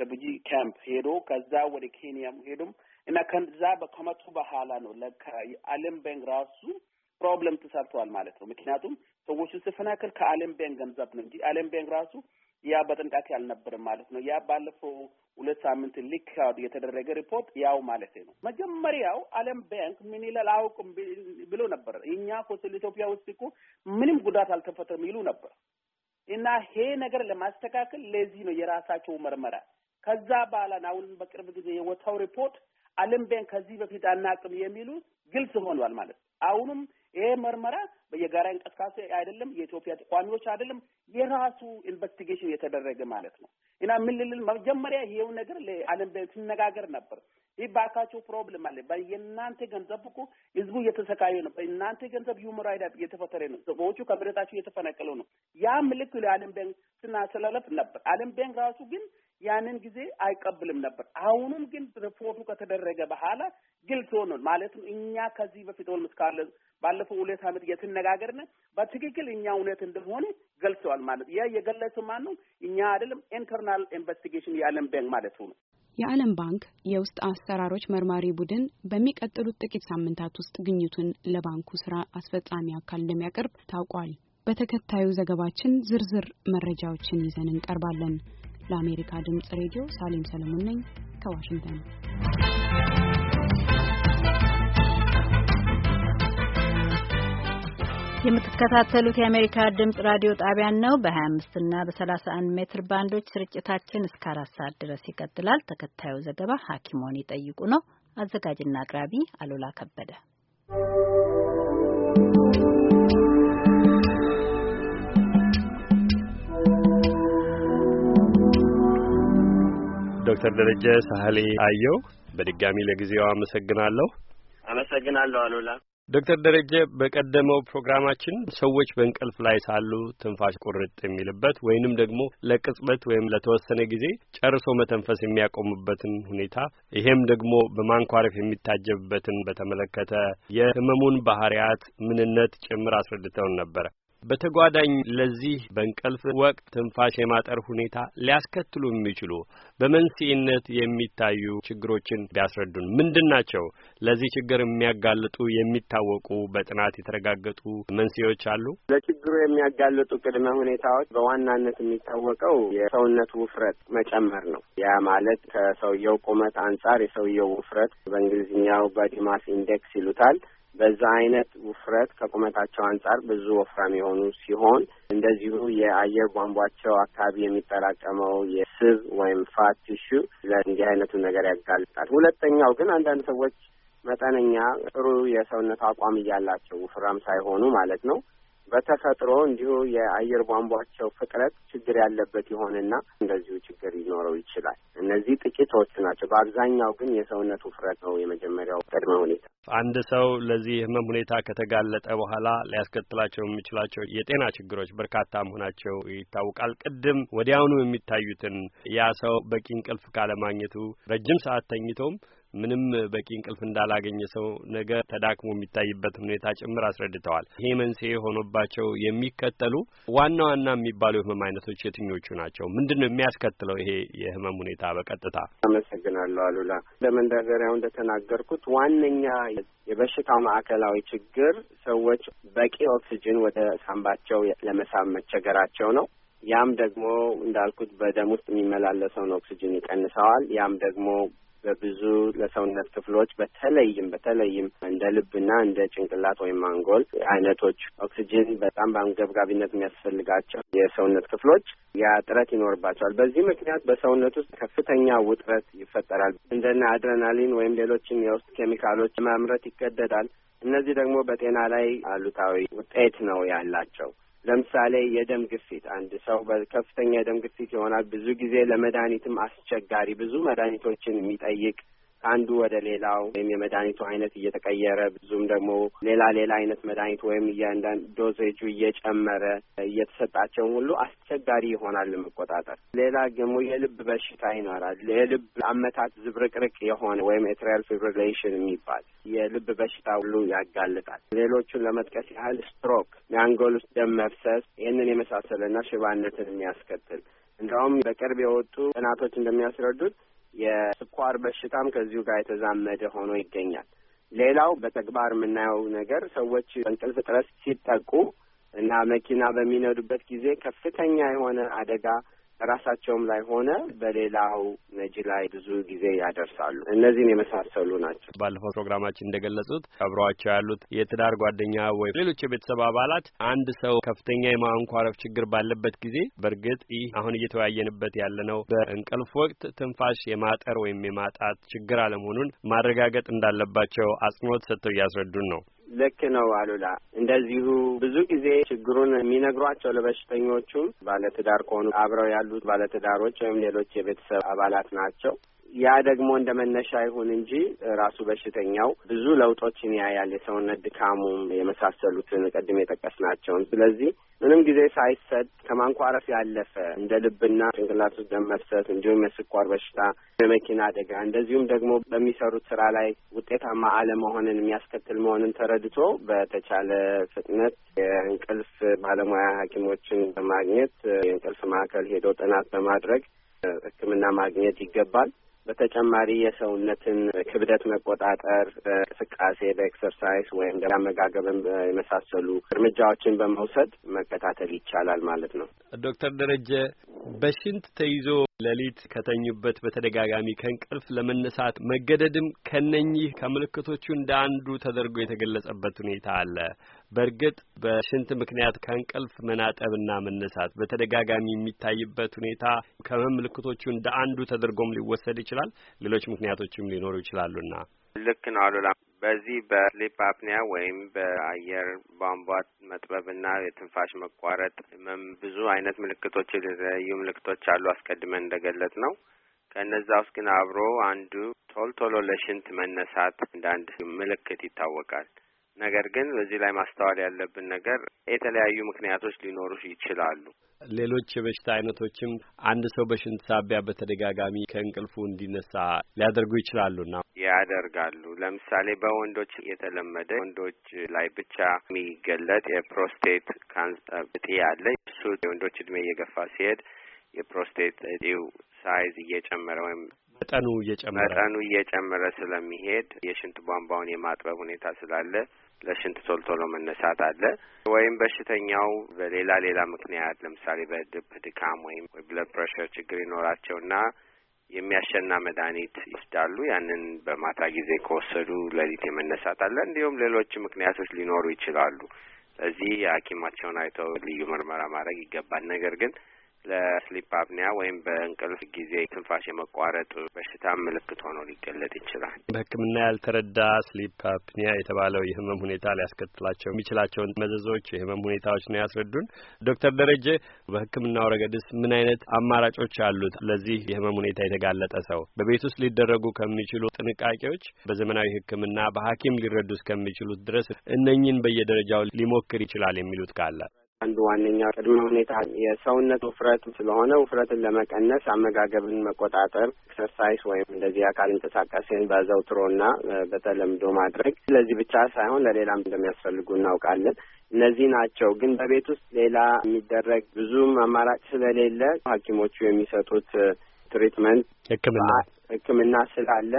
Speaker 13: ለብጂ ካምፕ ሄዶ ከዛ ወደ ኬንያም ሄዶም እና ከዛ ከመጡ በኋላ ነው ለካ ባንክ ራሱ ፕሮብለም ተሰርተዋል ማለት ነው። ምክንያቱም ሰዎቹን ስፈናከል ከአለም ቤንክ ገንዘብ ነው እንጂ አለም ቤንክ ራሱ ያ በጥንቃቄ ያልነበረ ማለት ነው። ያ ባለፈው ሁለት ሳምንት ሊክ የተደረገ ሪፖርት ያው ማለት ነው። መጀመሪያው አለም ባንክ ምን ይላል አውቅም ብሎ ነበር። እኛ ኮስል ኢትዮጵያ ውስጥ እኮ ምንም ጉዳት አልተፈጠረም ይሉ ነበር። እና ይሄ ነገር ለማስተካከል ለዚህ ነው የራሳቸው መርመራ ከዛ በኋላ አሁን በቅርብ ጊዜ የወጣው ሪፖርት አለም ባንክ ከዚህ በፊት አናቅም የሚሉ ግልጽ ሆኗል ማለት ነው። አሁንም ይሄ ምርመራ የጋራ እንቅስቃሴ አይደለም፣ የኢትዮጵያ ተቋሚዎች አይደለም፣ የራሱ ኢንቨስቲጌሽን የተደረገ ማለት ነው። እና ምን ልል መጀመሪያ ይሄው ነገር ለዓለም ስነጋገር ነበር። ይህ ባካቸው ፕሮብለም አለ። የእናንተ ገንዘብ እኮ ህዝቡ እየተሰቃየ ነው። እናንተ ገንዘብ ሂውመን ራይትስ እየተፈተረ ነው። ሰዎቹ ከብረታቸው እየተፈናቀለው ነው። ያ ምልክ ለዓለም ባንክ ስናስተላለፍ ነበር። ዓለም ባንክ ራሱ ግን ያንን ጊዜ አይቀብልም ነበር። አሁንም ግን ሪፖርቱ ከተደረገ በኋላ ግልጽ ሆኗል። ማለትም እኛ ከዚህ በፊት ኦልሞስ ካለ ባለፈው ሁለት ዓመት የተነጋገርን በትክክል እኛ እውነት እንደሆነ ገልጸዋል ማለት ያ የገለጽ ማን ነው? እኛ አይደለም፣ ኢንተርናል ኢንቨስቲጌሽን የዓለም ባንክ ማለት ነው።
Speaker 12: የዓለም ባንክ የውስጥ አሰራሮች መርማሪ ቡድን በሚቀጥሉት ጥቂት ሳምንታት ውስጥ ግኝቱን ለባንኩ ስራ አስፈጻሚ አካል እንደሚያቀርብ ታውቋል። በተከታዩ ዘገባችን ዝርዝር መረጃዎችን ይዘን እንቀርባለን። ለአሜሪካ ድምፅ ሬዲዮ ሳሌም ሰለሞን ነኝ ከዋሽንግተን። የምትከታተሉት
Speaker 2: የአሜሪካ ድምፅ ራዲዮ ጣቢያን ነው። በ25 እና በ31 ሜትር ባንዶች ስርጭታችን እስከ አራት ሰዓት ድረስ ይቀጥላል። ተከታዩ ዘገባ ሐኪሞን ይጠይቁ ነው። አዘጋጅና አቅራቢ አሉላ ከበደ
Speaker 14: ዶክተር ደረጀ ሳህሌ አየው በድጋሚ ለጊዜው አመሰግናለሁ።
Speaker 15: አመሰግናለሁ አሉላ።
Speaker 14: ዶክተር ደረጀ በቀደመው ፕሮግራማችን ሰዎች በእንቅልፍ ላይ ሳሉ ትንፋሽ ቁርጥ የሚልበት ወይንም ደግሞ ለቅጽበት ወይም ለተወሰነ ጊዜ ጨርሶ መተንፈስ የሚያቆሙበትን ሁኔታ ይሄም ደግሞ በማንኳረፍ የሚታጀብበትን በተመለከተ የሕመሙን ባህሪያት ምንነት ጭምር አስረድተውን ነበረ። በተጓዳኝ ለዚህ በእንቅልፍ ወቅት ትንፋሽ የማጠር ሁኔታ ሊያስከትሉ የሚችሉ በመንስኤነት የሚታዩ ችግሮችን ቢያስረዱን ምንድን ናቸው? ለዚህ ችግር የሚያጋልጡ የሚታወቁ በጥናት የተረጋገጡ መንስኤዎች አሉ?
Speaker 15: ለችግሩ የሚያጋልጡ ቅድመ ሁኔታዎች በዋናነት የሚታወቀው የሰውነት ውፍረት መጨመር ነው። ያ ማለት ከሰውየው ቁመት አንጻር የሰውየው ውፍረት በእንግሊዝኛው ባዲ ማስ ኢንዴክስ ይሉታል። በዛ አይነት ውፍረት ከቁመታቸው አንጻር ብዙ ወፍራም የሆኑ ሲሆን እንደዚሁ የአየር ቧንቧቸው አካባቢ የሚጠራቀመው የስብ ወይም ፋት ቲሹ ለእንዲህ አይነቱ ነገር ያጋልጣል። ሁለተኛው ግን አንዳንድ ሰዎች መጠነኛ ጥሩ የሰውነት አቋም እያላቸው ውፍራም ሳይሆኑ ማለት ነው በተፈጥሮ እንዲሁ የአየር ቧንቧቸው ፍጥረት ችግር ያለበት ይሆንና እንደዚሁ ችግር ሊኖረው ይችላል። እነዚህ ጥቂቶች ናቸው። በአብዛኛው ግን የሰውነት ውፍረት ነው የመጀመሪያው ቅድመ ሁኔታ።
Speaker 14: አንድ ሰው ለዚህ ህመም ሁኔታ ከተጋለጠ በኋላ ሊያስከትላቸው የሚችላቸው የጤና ችግሮች በርካታ መሆናቸው ይታወቃል። ቅድም ወዲያውኑ የሚታዩትን ያ ሰው በቂ እንቅልፍ ካለማግኘቱ፣ ረጅም ሰዓት ተኝቶም ምንም በቂ እንቅልፍ እንዳላገኘ ሰው ነገ ተዳክሞ የሚታይበት ሁኔታ ጭምር አስረድተዋል። ይሄ መንስኤ ሆኖባቸው የሚከተሉ ዋና ዋና የሚባሉ የህመም አይነቶች የትኞቹ ናቸው? ምንድን ነው የሚያስከትለው ይሄ የህመም ሁኔታ በቀጥታ?
Speaker 15: አመሰግናለሁ አሉላ። ለመንደርደሪያው እንደተናገርኩት ዋነኛ የበሽታው ማዕከላዊ ችግር ሰዎች በቂ ኦክሲጅን ወደ ሳምባቸው ለመሳብ መቸገራቸው ነው። ያም ደግሞ እንዳልኩት በደም ውስጥ የሚመላለሰውን ኦክሲጅን ይቀንሰዋል። ያም ደግሞ በብዙ ለሰውነት ክፍሎች በተለይም በተለይም እንደ ልብና እንደ ጭንቅላት ወይም ማንጎል አይነቶች ኦክሲጅን በጣም በአንገብጋቢነት የሚያስፈልጋቸው የሰውነት ክፍሎች ያ ጥረት ይኖርባቸዋል። በዚህ ምክንያት በሰውነት ውስጥ ከፍተኛ ውጥረት ይፈጠራል። እንደነ አድረናሊን ወይም ሌሎችም የውስጥ ኬሚካሎች ማምረት ይገደዳል። እነዚህ ደግሞ በጤና ላይ አሉታዊ ውጤት ነው ያላቸው። ለምሳሌ የደም ግፊት አንድ ሰው በከፍተኛ የደም ግፊት ይሆናል። ብዙ ጊዜ ለመድኃኒትም አስቸጋሪ ብዙ መድኃኒቶችን የሚጠይቅ ከአንዱ ወደ ሌላው ወይም የመድኃኒቱ አይነት እየተቀየረ ብዙም ደግሞ ሌላ ሌላ አይነት መድኃኒት ወይም እያንዳንድ ዶሴጁ እየጨመረ እየተሰጣቸውን ሁሉ አስቸጋሪ ይሆናል ለመቆጣጠር። ሌላ ደግሞ የልብ በሽታ ይኖራል። የልብ አመታት ዝብርቅርቅ የሆነ ወይም ኤትሪያል ፊብሪሌሽን የሚባል የልብ በሽታ ሁሉ ያጋልጣል። ሌሎቹን ለመጥቀስ ያህል ስትሮክ፣ የአንጎል ውስጥ ደም መፍሰስ፣ ይህንን የመሳሰለና ሽባነትን የሚያስከትል እንደውም በቅርብ የወጡ ጥናቶች እንደሚያስረዱት የስኳር በሽታም ከዚሁ ጋር የተዛመደ ሆኖ ይገኛል። ሌላው በተግባር የምናየው ነገር ሰዎች በእንቅልፍ እጥረት ሲጠቁ እና መኪና በሚነዱበት ጊዜ ከፍተኛ የሆነ አደጋ ራሳቸውም ላይ ሆነ በሌላው ነጂ ላይ ብዙ ጊዜ ያደርሳሉ። እነዚህን የመሳሰሉ ናቸው።
Speaker 14: ባለፈው ፕሮግራማችን እንደገለጹት አብረዋቸው ያሉት የትዳር ጓደኛ ወይ ሌሎች የቤተሰብ አባላት አንድ ሰው ከፍተኛ የማንኳረፍ ችግር ባለበት ጊዜ በእርግጥ ይህ አሁን እየተወያየንበት ያለነው በእንቅልፍ ወቅት ትንፋሽ የማጠር ወይም የማጣት ችግር አለመሆኑን ማረጋገጥ እንዳለባቸው አጽንኦት ሰጥተው እያስረዱን ነው።
Speaker 15: ልክ ነው አሉላ። እንደዚሁ ብዙ ጊዜ ችግሩን የሚነግሯቸው ለበሽተኞቹም ባለትዳር ከሆኑ አብረው ያሉት ባለትዳሮች ወይም ሌሎች የቤተሰብ አባላት ናቸው። ያ ደግሞ እንደ መነሻ ይሁን እንጂ ራሱ በሽተኛው ብዙ ለውጦችን ያያል። የሰውነት ድካሙም የመሳሰሉትን ቅድም የጠቀስናቸውን። ስለዚህ ምንም ጊዜ ሳይሰጥ ከማንኳረፍ ያለፈ እንደ ልብና ጭንቅላት ውስጥ ደም መፍሰስ፣ እንዲሁም የስኳር በሽታ፣ የመኪና አደጋ እንደዚሁም ደግሞ በሚሰሩት ስራ ላይ ውጤታማ አለመሆንን የሚያስከትል መሆንን ተረድቶ በተቻለ ፍጥነት የእንቅልፍ ባለሙያ ሐኪሞችን በማግኘት የእንቅልፍ ማዕከል ሄዶ ጥናት በማድረግ ሕክምና ማግኘት ይገባል። በተጨማሪ የሰውነትን ክብደት መቆጣጠር እንቅስቃሴ በኤክሰርሳይዝ ወይም ደግሞ አመጋገብን የመሳሰሉ እርምጃዎችን በመውሰድ መከታተል ይቻላል ማለት ነው።
Speaker 14: ዶክተር ደረጀ በሽንት ተይዞ ሌሊት ከተኙበት በተደጋጋሚ ከእንቅልፍ ለመነሳት መገደድም ከነኚህ ከምልክቶቹ እንደ አንዱ ተደርጎ የተገለጸበት ሁኔታ አለ። በእርግጥ በሽንት ምክንያት ከእንቅልፍ መናጠብና መነሳት በተደጋጋሚ የሚታይበት ሁኔታ ከህመም ምልክቶቹ እንደ አንዱ ተደርጎም ሊወሰድ ይችላል። ሌሎች ምክንያቶችም ሊኖሩ ይችላሉና
Speaker 15: ልክ ነው አሉላ። በዚህ በስሊፕ አፕኒያ ወይም በአየር ቧንቧ መጥበብና የትንፋሽ መቋረጥ ህመም ብዙ አይነት ምልክቶች የተለያዩ ምልክቶች አሉ አስቀድመን እንደገለጥ ነው። ከእነዛ ውስጥ ግን አብሮ አንዱ ቶሎ ቶሎ ለሽንት መነሳት እንደ አንድ ምልክት ይታወቃል። ነገር ግን በዚህ ላይ ማስተዋል ያለብን ነገር የተለያዩ ምክንያቶች ሊኖሩ ይችላሉ።
Speaker 14: ሌሎች የበሽታ አይነቶችም አንድ ሰው በሽንት ሳቢያ በተደጋጋሚ ከእንቅልፉ እንዲነሳ ሊያደርጉ ይችላሉና
Speaker 15: ያደርጋሉ። ለምሳሌ በወንዶች የተለመደ ወንዶች ላይ ብቻ የሚገለጥ የፕሮስቴት ካንሰር እጢ ያለ እሱ የወንዶች እድሜ እየገፋ ሲሄድ የፕሮስቴት እጢው ሳይዝ እየጨመረ ወይም
Speaker 14: መጠኑ እየጨመረ መጠኑ
Speaker 15: እየጨመረ ስለሚሄድ የሽንት ቧንቧውን የማጥበብ ሁኔታ ስላለ ለሽንት ቶሎ ቶሎ መነሳት አለ ወይም በሽተኛው በሌላ ሌላ ምክንያት ለምሳሌ በድብ ድካም ወይም ብለድ ፕሬሽር ችግር ይኖራቸውና የሚያሸና መድኃኒት ይወስዳሉ። ያንን በማታ ጊዜ ከወሰዱ ሌሊት የመነሳት አለ። እንዲሁም ሌሎች ምክንያቶች ሊኖሩ ይችላሉ። ስለዚህ ሐኪማቸውን አይተው ልዩ ምርመራ ማድረግ ይገባል። ነገር ግን ለስሊፕ አፕኒያ ወይም በእንቅልፍ ጊዜ ትንፋሽ የመቋረጥ በሽታ ምልክት ሆኖ ሊገለጥ ይችላል።
Speaker 14: በሕክምና ያልተረዳ ስሊፕ አፕኒያ የተባለው የህመም ሁኔታ ሊያስከትላቸው የሚችላቸውን መዘዞች፣ የህመም ሁኔታዎች ነው ያስረዱን ዶክተር ደረጀ። በሕክምናው ረገድስ ምን አይነት አማራጮች አሉት? ለዚህ የህመም ሁኔታ የተጋለጠ ሰው በቤት ውስጥ ሊደረጉ ከሚችሉ ጥንቃቄዎች በዘመናዊ ሕክምና በሐኪም ሊረዱ እስከሚችሉት ድረስ እነኝን በየደረጃው ሊሞክር ይችላል የሚሉት ካለ
Speaker 15: አንዱ ዋነኛ ቅድመ ሁኔታ የሰውነት ውፍረት ስለሆነ ውፍረትን ለመቀነስ አመጋገብን መቆጣጠር፣ ኤክሰርሳይዝ ወይም እንደዚህ አካል እንቅስቃሴን በዘውትሮና በተለምዶ ማድረግ ለዚህ ብቻ ሳይሆን ለሌላም እንደሚያስፈልጉ እናውቃለን። እነዚህ ናቸው። ግን በቤት ውስጥ ሌላ የሚደረግ ብዙም አማራጭ ስለሌለ ሐኪሞቹ የሚሰጡት ትሪትመንት ሕክምና ሕክምና ስላለ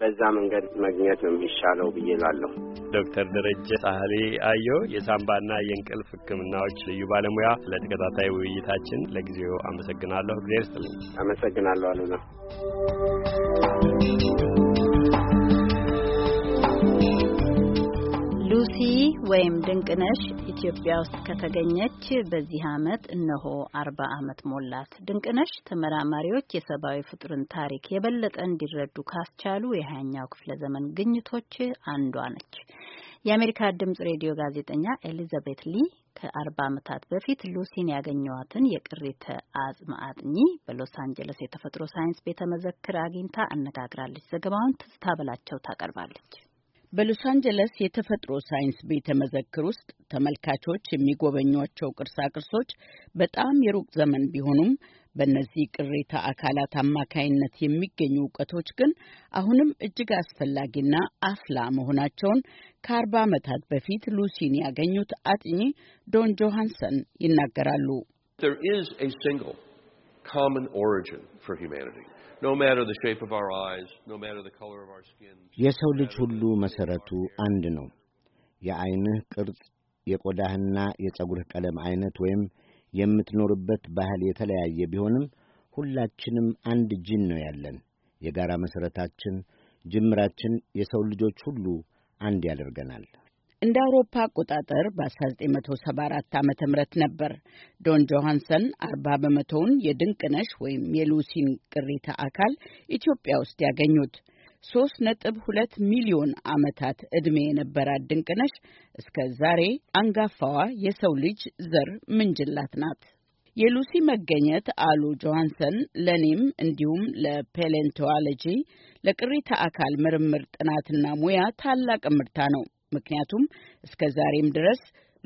Speaker 15: በዛ መንገድ መግኘት ነው የሚሻለው ብዬ ላለሁ።
Speaker 14: ዶክተር ደረጀ ሳህሌ አዮ የሳምባና የእንቅልፍ ሕክምናዎች ልዩ ባለሙያ ለተከታታይ ውይይታችን ለጊዜው አመሰግናለሁ። እግዜር ይስጥልኝ። አመሰግናለሁ አሉና
Speaker 2: ሉሲ ወይም ድንቅነሽ ኢትዮጵያ ውስጥ ከተገኘች በዚህ ዓመት እነሆ አርባ ዓመት ሞላት። ድንቅነሽ ተመራማሪዎች የሰብአዊ ፍጡርን ታሪክ የበለጠ እንዲረዱ ካስቻሉ የሀያኛው ክፍለ ዘመን ግኝቶች አንዷ ነች። የአሜሪካ ድምጽ ሬዲዮ ጋዜጠኛ ኤሊዛቤት ሊ ከአርባ ዓመታት በፊት ሉሲን ያገኘዋትን የቅሪተ አጽም አጥኚ በሎስ አንጀለስ የተፈጥሮ ሳይንስ ቤተ መዘክር አግኝታ አነጋግራለች። ዘገባውን ትዝታ በላቸው ታቀርባለች። በሎስ አንጀለስ
Speaker 3: የተፈጥሮ ሳይንስ ቤተ መዘክር ውስጥ ተመልካቾች የሚጎበኟቸው ቅርሳ ቅርሶች በጣም የሩቅ ዘመን ቢሆኑም በእነዚህ ቅሬታ አካላት አማካይነት የሚገኙ እውቀቶች ግን አሁንም እጅግ አስፈላጊና አፍላ መሆናቸውን ከአርባ ዓመታት በፊት ሉሲን ያገኙት አጥኚ ዶን ጆሃንሰን ይናገራሉ።
Speaker 4: የሰው ልጅ ሁሉ መሠረቱ አንድ ነው። የዐይንህ ቅርጽ፣ የቆዳህና የጸጉርህ ቀለም ዐይነት ወይም የምትኖርበት ባህል የተለያየ ቢሆንም ሁላችንም አንድ ጅን ነው ያለን። የጋራ መሠረታችን ጅምራችን የሰው ልጆች ሁሉ አንድ ያደርገናል።
Speaker 3: እንደ አውሮፓ አቆጣጠር በ1974 ዓ ም ነበር ዶን ጆሃንሰን አርባ በመቶውን የድንቅነሽ ወይም የሉሲን ቅሪተ አካል ኢትዮጵያ ውስጥ ያገኙት። ነጥብ ሁለት ሚሊዮን ዓመታት ዕድሜ የነበራት ድንቅነሽ እስከ ዛሬ አንጋፋዋ የሰው ልጅ ዘር ምንጅላት ናት። የሉሲ መገኘት አሉ ጆሃንሰን፣ ለእኔም እንዲሁም ለፔሌንቶዋሎጂ ለቅሪተ አካል ምርምር ጥናትና ሙያ ታላቅ እምርታ ነው። ምክንያቱም እስከ ዛሬም ድረስ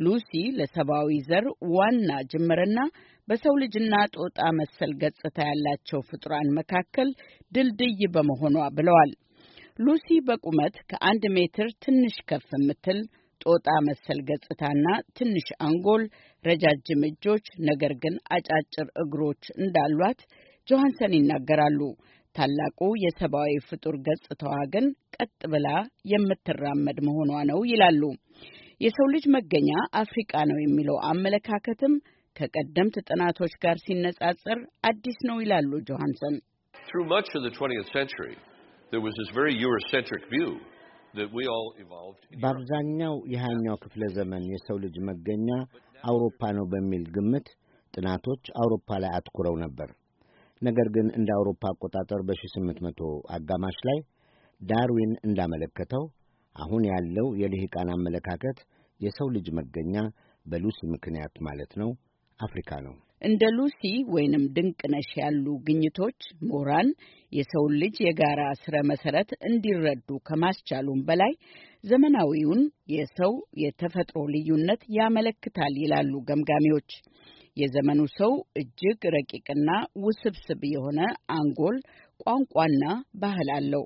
Speaker 3: ሉሲ ለሰብአዊ ዘር ዋና ጅምርና በሰው ልጅና ጦጣ መሰል ገጽታ ያላቸው ፍጡራን መካከል ድልድይ በመሆኗ ብለዋል። ሉሲ በቁመት ከአንድ ሜትር ትንሽ ከፍ የምትል ጦጣ መሰል ገጽታና ትንሽ አንጎል፣ ረጃጅም እጆች፣ ነገር ግን አጫጭር እግሮች እንዳሏት ጆሃንሰን ይናገራሉ። ታላቁ የሰብአዊ ፍጡር ገጽታዋ ግን ቀጥ ብላ የምትራመድ መሆኗ ነው ይላሉ። የሰው ልጅ መገኛ አፍሪቃ ነው የሚለው አመለካከትም ከቀደምት ጥናቶች ጋር ሲነጻጸር አዲስ ነው ይላሉ ጆሃንሰን።
Speaker 4: በአብዛኛው የሃያኛው ክፍለ ዘመን የሰው ልጅ መገኛ አውሮፓ ነው በሚል ግምት ጥናቶች አውሮፓ ላይ አትኩረው ነበር። ነገር ግን እንደ አውሮፓ አቆጣጠር በ1800 አጋማሽ ላይ ዳርዊን እንዳመለከተው አሁን ያለው የልሂቃን አመለካከት የሰው ልጅ መገኛ በሉሲ ምክንያት ማለት ነው አፍሪካ ነው።
Speaker 3: እንደ ሉሲ ወይንም ድንቅነሽ ያሉ ግኝቶች ምሁራን የሰውን ልጅ የጋራ ስረ መሰረት እንዲረዱ ከማስቻሉም በላይ ዘመናዊውን የሰው የተፈጥሮ ልዩነት ያመለክታል ይላሉ ገምጋሚዎች። የዘመኑ ሰው እጅግ ረቂቅና ውስብስብ የሆነ አንጎል፣ ቋንቋና ባህል አለው።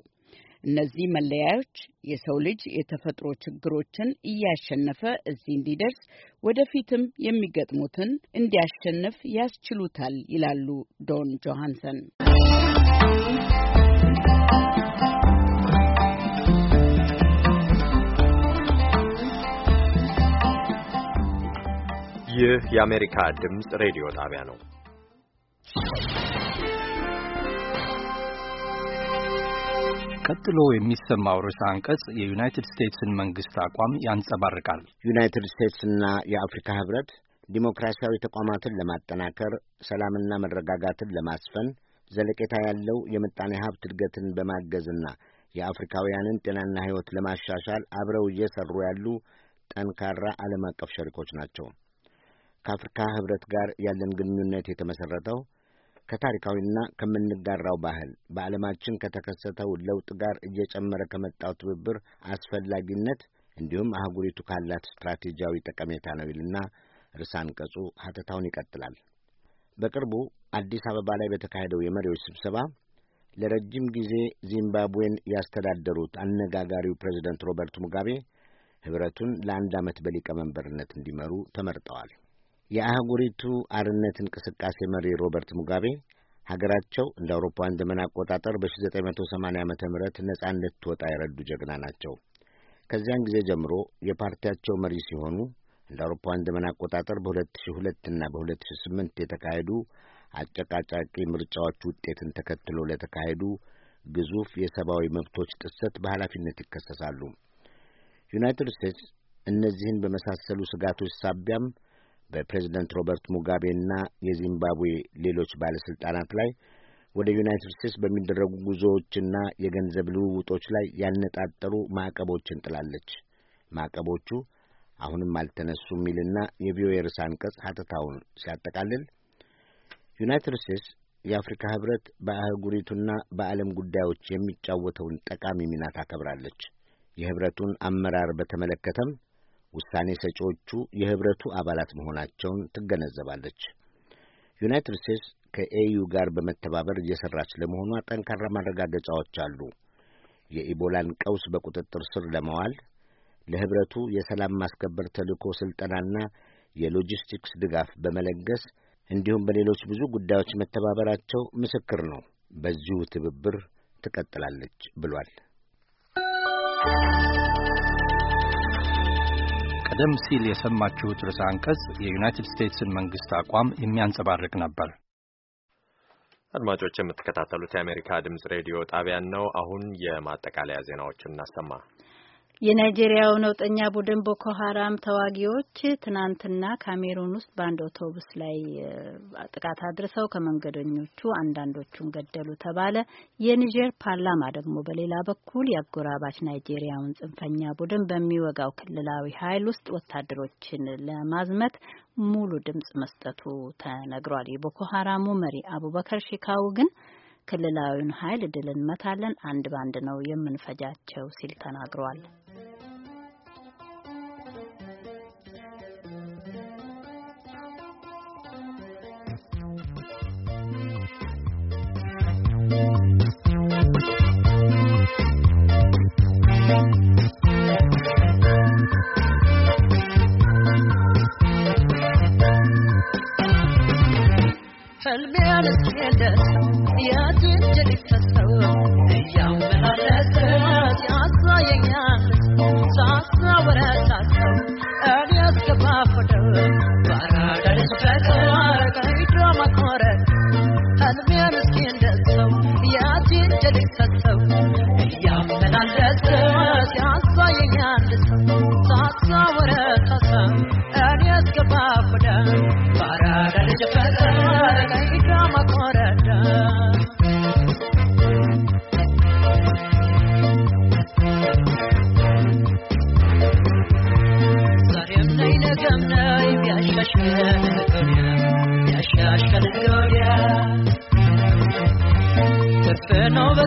Speaker 3: እነዚህ መለያዮች የሰው ልጅ የተፈጥሮ ችግሮችን እያሸነፈ እዚህ እንዲደርስ ወደፊትም የሚገጥሙትን እንዲያሸንፍ ያስችሉታል ይላሉ ዶን ጆሃንሰን።
Speaker 1: ይህ የአሜሪካ ድምፅ
Speaker 6: ሬዲዮ ጣቢያ ነው። ቀጥሎ የሚሰማው ርዕሰ አንቀጽ የዩናይትድ ስቴትስን መንግሥት አቋም ያንጸባርቃል።
Speaker 4: ዩናይትድ ስቴትስና የአፍሪካ ህብረት ዲሞክራሲያዊ ተቋማትን ለማጠናከር ሰላምና መረጋጋትን ለማስፈን ዘለቄታ ያለው የምጣኔ ሀብት እድገትን በማገዝና የአፍሪካውያንን ጤናና ሕይወት ለማሻሻል አብረው እየሰሩ ያሉ ጠንካራ ዓለም አቀፍ ሸሪኮች ናቸው። ከአፍሪካ ህብረት ጋር ያለን ግንኙነት የተመሠረተው ከታሪካዊና ከምንጋራው ባህል በዓለማችን ከተከሰተው ለውጥ ጋር እየጨመረ ከመጣው ትብብር አስፈላጊነት እንዲሁም አህጉሪቱ ካላት ስትራቴጂያዊ ጠቀሜታ ነው ይልና ርዕሰ አንቀጹ ሀተታውን ይቀጥላል። በቅርቡ አዲስ አበባ ላይ በተካሄደው የመሪዎች ስብሰባ ለረጅም ጊዜ ዚምባብዌን ያስተዳደሩት አነጋጋሪው ፕሬዚደንት ሮበርት ሙጋቤ ህብረቱን ለአንድ ዓመት በሊቀመንበርነት እንዲመሩ ተመርጠዋል። የአህጉሪቱ አርነት እንቅስቃሴ መሪ ሮበርት ሙጋቤ ሀገራቸው እንደ አውሮፓውያን ዘመን አቆጣጠር በ1980 ዓ ም ነጻነት እንድትወጣ የረዱ ጀግና ናቸው። ከዚያን ጊዜ ጀምሮ የፓርቲያቸው መሪ ሲሆኑ እንደ አውሮፓውያን ዘመን አቆጣጠር በ2002 እና በ2008 የተካሄዱ አጨቃጫቂ ምርጫዎች ውጤትን ተከትሎ ለተካሄዱ ግዙፍ የሰብአዊ መብቶች ጥሰት በኃላፊነት ይከሰሳሉ። ዩናይትድ ስቴትስ እነዚህን በመሳሰሉ ስጋቶች ሳቢያም በፕሬዝደንት ሮበርት ሙጋቤና የዚምባብዌ ሌሎች ባለሥልጣናት ላይ ወደ ዩናይትድ ስቴትስ በሚደረጉ ጉዞዎችና የገንዘብ ልውውጦች ላይ ያነጣጠሩ ማዕቀቦችን ጥላለች። ማዕቀቦቹ አሁንም አልተነሱ የሚልና የቪኦኤ ርዕሰ አንቀጽ ሀተታውን ሲያጠቃልል ዩናይትድ ስቴትስ የአፍሪካ ህብረት በአህጉሪቱና በዓለም ጉዳዮች የሚጫወተውን ጠቃሚ ሚና ታከብራለች። የህብረቱን አመራር በተመለከተም ውሳኔ ሰጪዎቹ የህብረቱ አባላት መሆናቸውን ትገነዘባለች። ዩናይትድ ስቴትስ ከኤዩ ጋር በመተባበር እየሰራች ለመሆኗ ጠንካራ ማረጋገጫዎች አሉ። የኢቦላን ቀውስ በቁጥጥር ስር ለመዋል፣ ለህብረቱ የሰላም ማስከበር ተልእኮ ሥልጠናና የሎጂስቲክስ ድጋፍ በመለገስ እንዲሁም በሌሎች ብዙ ጉዳዮች መተባበራቸው ምስክር ነው። በዚሁ ትብብር
Speaker 6: ትቀጥላለች ብሏል። ቀደም ሲል የሰማችሁት ርዕሰ አንቀጽ የዩናይትድ ስቴትስን መንግሥት አቋም
Speaker 1: የሚያንጸባርቅ ነበር። አድማጮች የምትከታተሉት የአሜሪካ ድምፅ ሬዲዮ ጣቢያን ነው። አሁን የማጠቃለያ ዜናዎችን እናሰማ።
Speaker 2: የናይጄሪያው ነውጠኛ ቡድን ቦኮ ሀራም ተዋጊዎች ትናንትና ካሜሩን ውስጥ በአንድ አውቶቡስ ላይ ጥቃት አድርሰው ከመንገደኞቹ አንዳንዶቹን ገደሉ ተባለ። የኒጀር ፓርላማ ደግሞ በሌላ በኩል የአጎራባች ናይጄሪያውን ጽንፈኛ ቡድን በሚወጋው ክልላዊ ኃይል ውስጥ ወታደሮችን ለማዝመት ሙሉ ድምጽ መስጠቱ ተነግሯል። የቦኮ ሀራሙ መሪ አቡበከር ሺካው ግን ክልላዊውን ኃይል ድል እንመታለን፣ አንድ ባንድ ነው የምንፈጃቸው ሲል ተናግሯል።
Speaker 11: Thank you. ህልሜ ያለስኬደስ ያቱ እንጀሊፈሰው እያምናል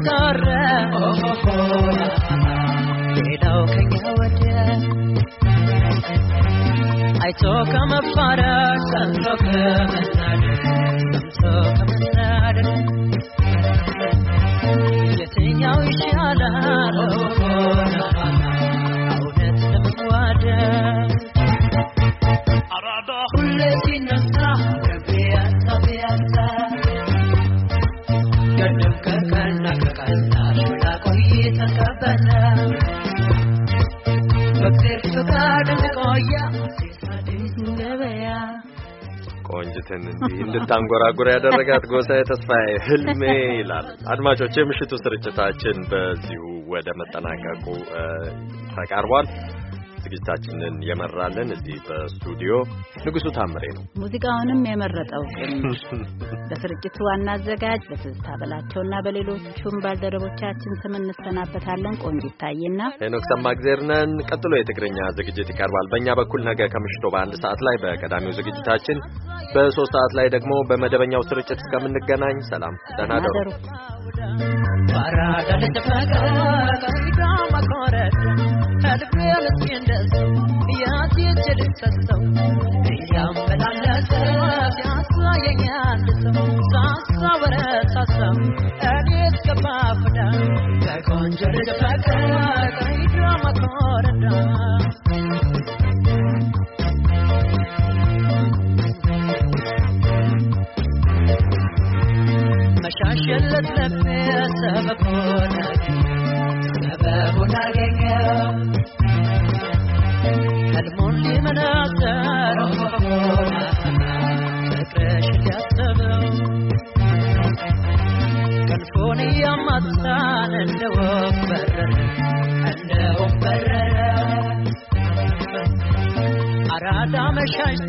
Speaker 11: ተጋራ ሌላው ከኛ ወደ አይቶ ከመፋረቅ ሰምቶ ከመናደቅ ሰምቶ
Speaker 1: ስሜትን እንዲህ እንድታንጎራጉር ያደረጋት ጎሳዬ ተስፋዬ ህልሜ ይላል። አድማጮች የምሽቱ ስርጭታችን በዚሁ ወደ መጠናቀቁ ተቃርቧል። ዝግጅታችንን የመራለን እዚህ በስቱዲዮ ንጉሱ ታምሬ ነው።
Speaker 2: ሙዚቃውንም የመረጠው በስርጭቱ ዋና አዘጋጅ በትዝታ በላቸውና በሌሎቹም ባልደረቦቻችን ስም እንሰናበታለን። ቆንጆ ይታይና ሄኖክ
Speaker 1: ሰማእግዜር ነን። ቀጥሎ የትግርኛ ዝግጅት ይቀርባል። በእኛ በኩል ነገ ከምሽቶ በአንድ ሰዓት ላይ በቀዳሚው ዝግጅታችን፣ በሶስት ሰዓት ላይ ደግሞ በመደበኛው ስርጭት እስከምንገናኝ ሰላም፣ ደህና ደሩ።
Speaker 11: Para ከልቤ ልቤ እንደዚሁ እያየች ልሰሰው እያመላለሰ ሲያሳየኝ አንድ ሰው ሳሳ ወረት ሳሳ እኔ እስከማፍዳ ከቆንጆ ልጅ ፈቀር ከኢድራማ ኮረዳ መሻሸለት ለቤተሰብ ሆነ ጥበቡን አገኘው ህልሙን ሊመናዘር ፍቅርሽ ሊያስበው ክንፉን በረረ አራዳ መሻሽ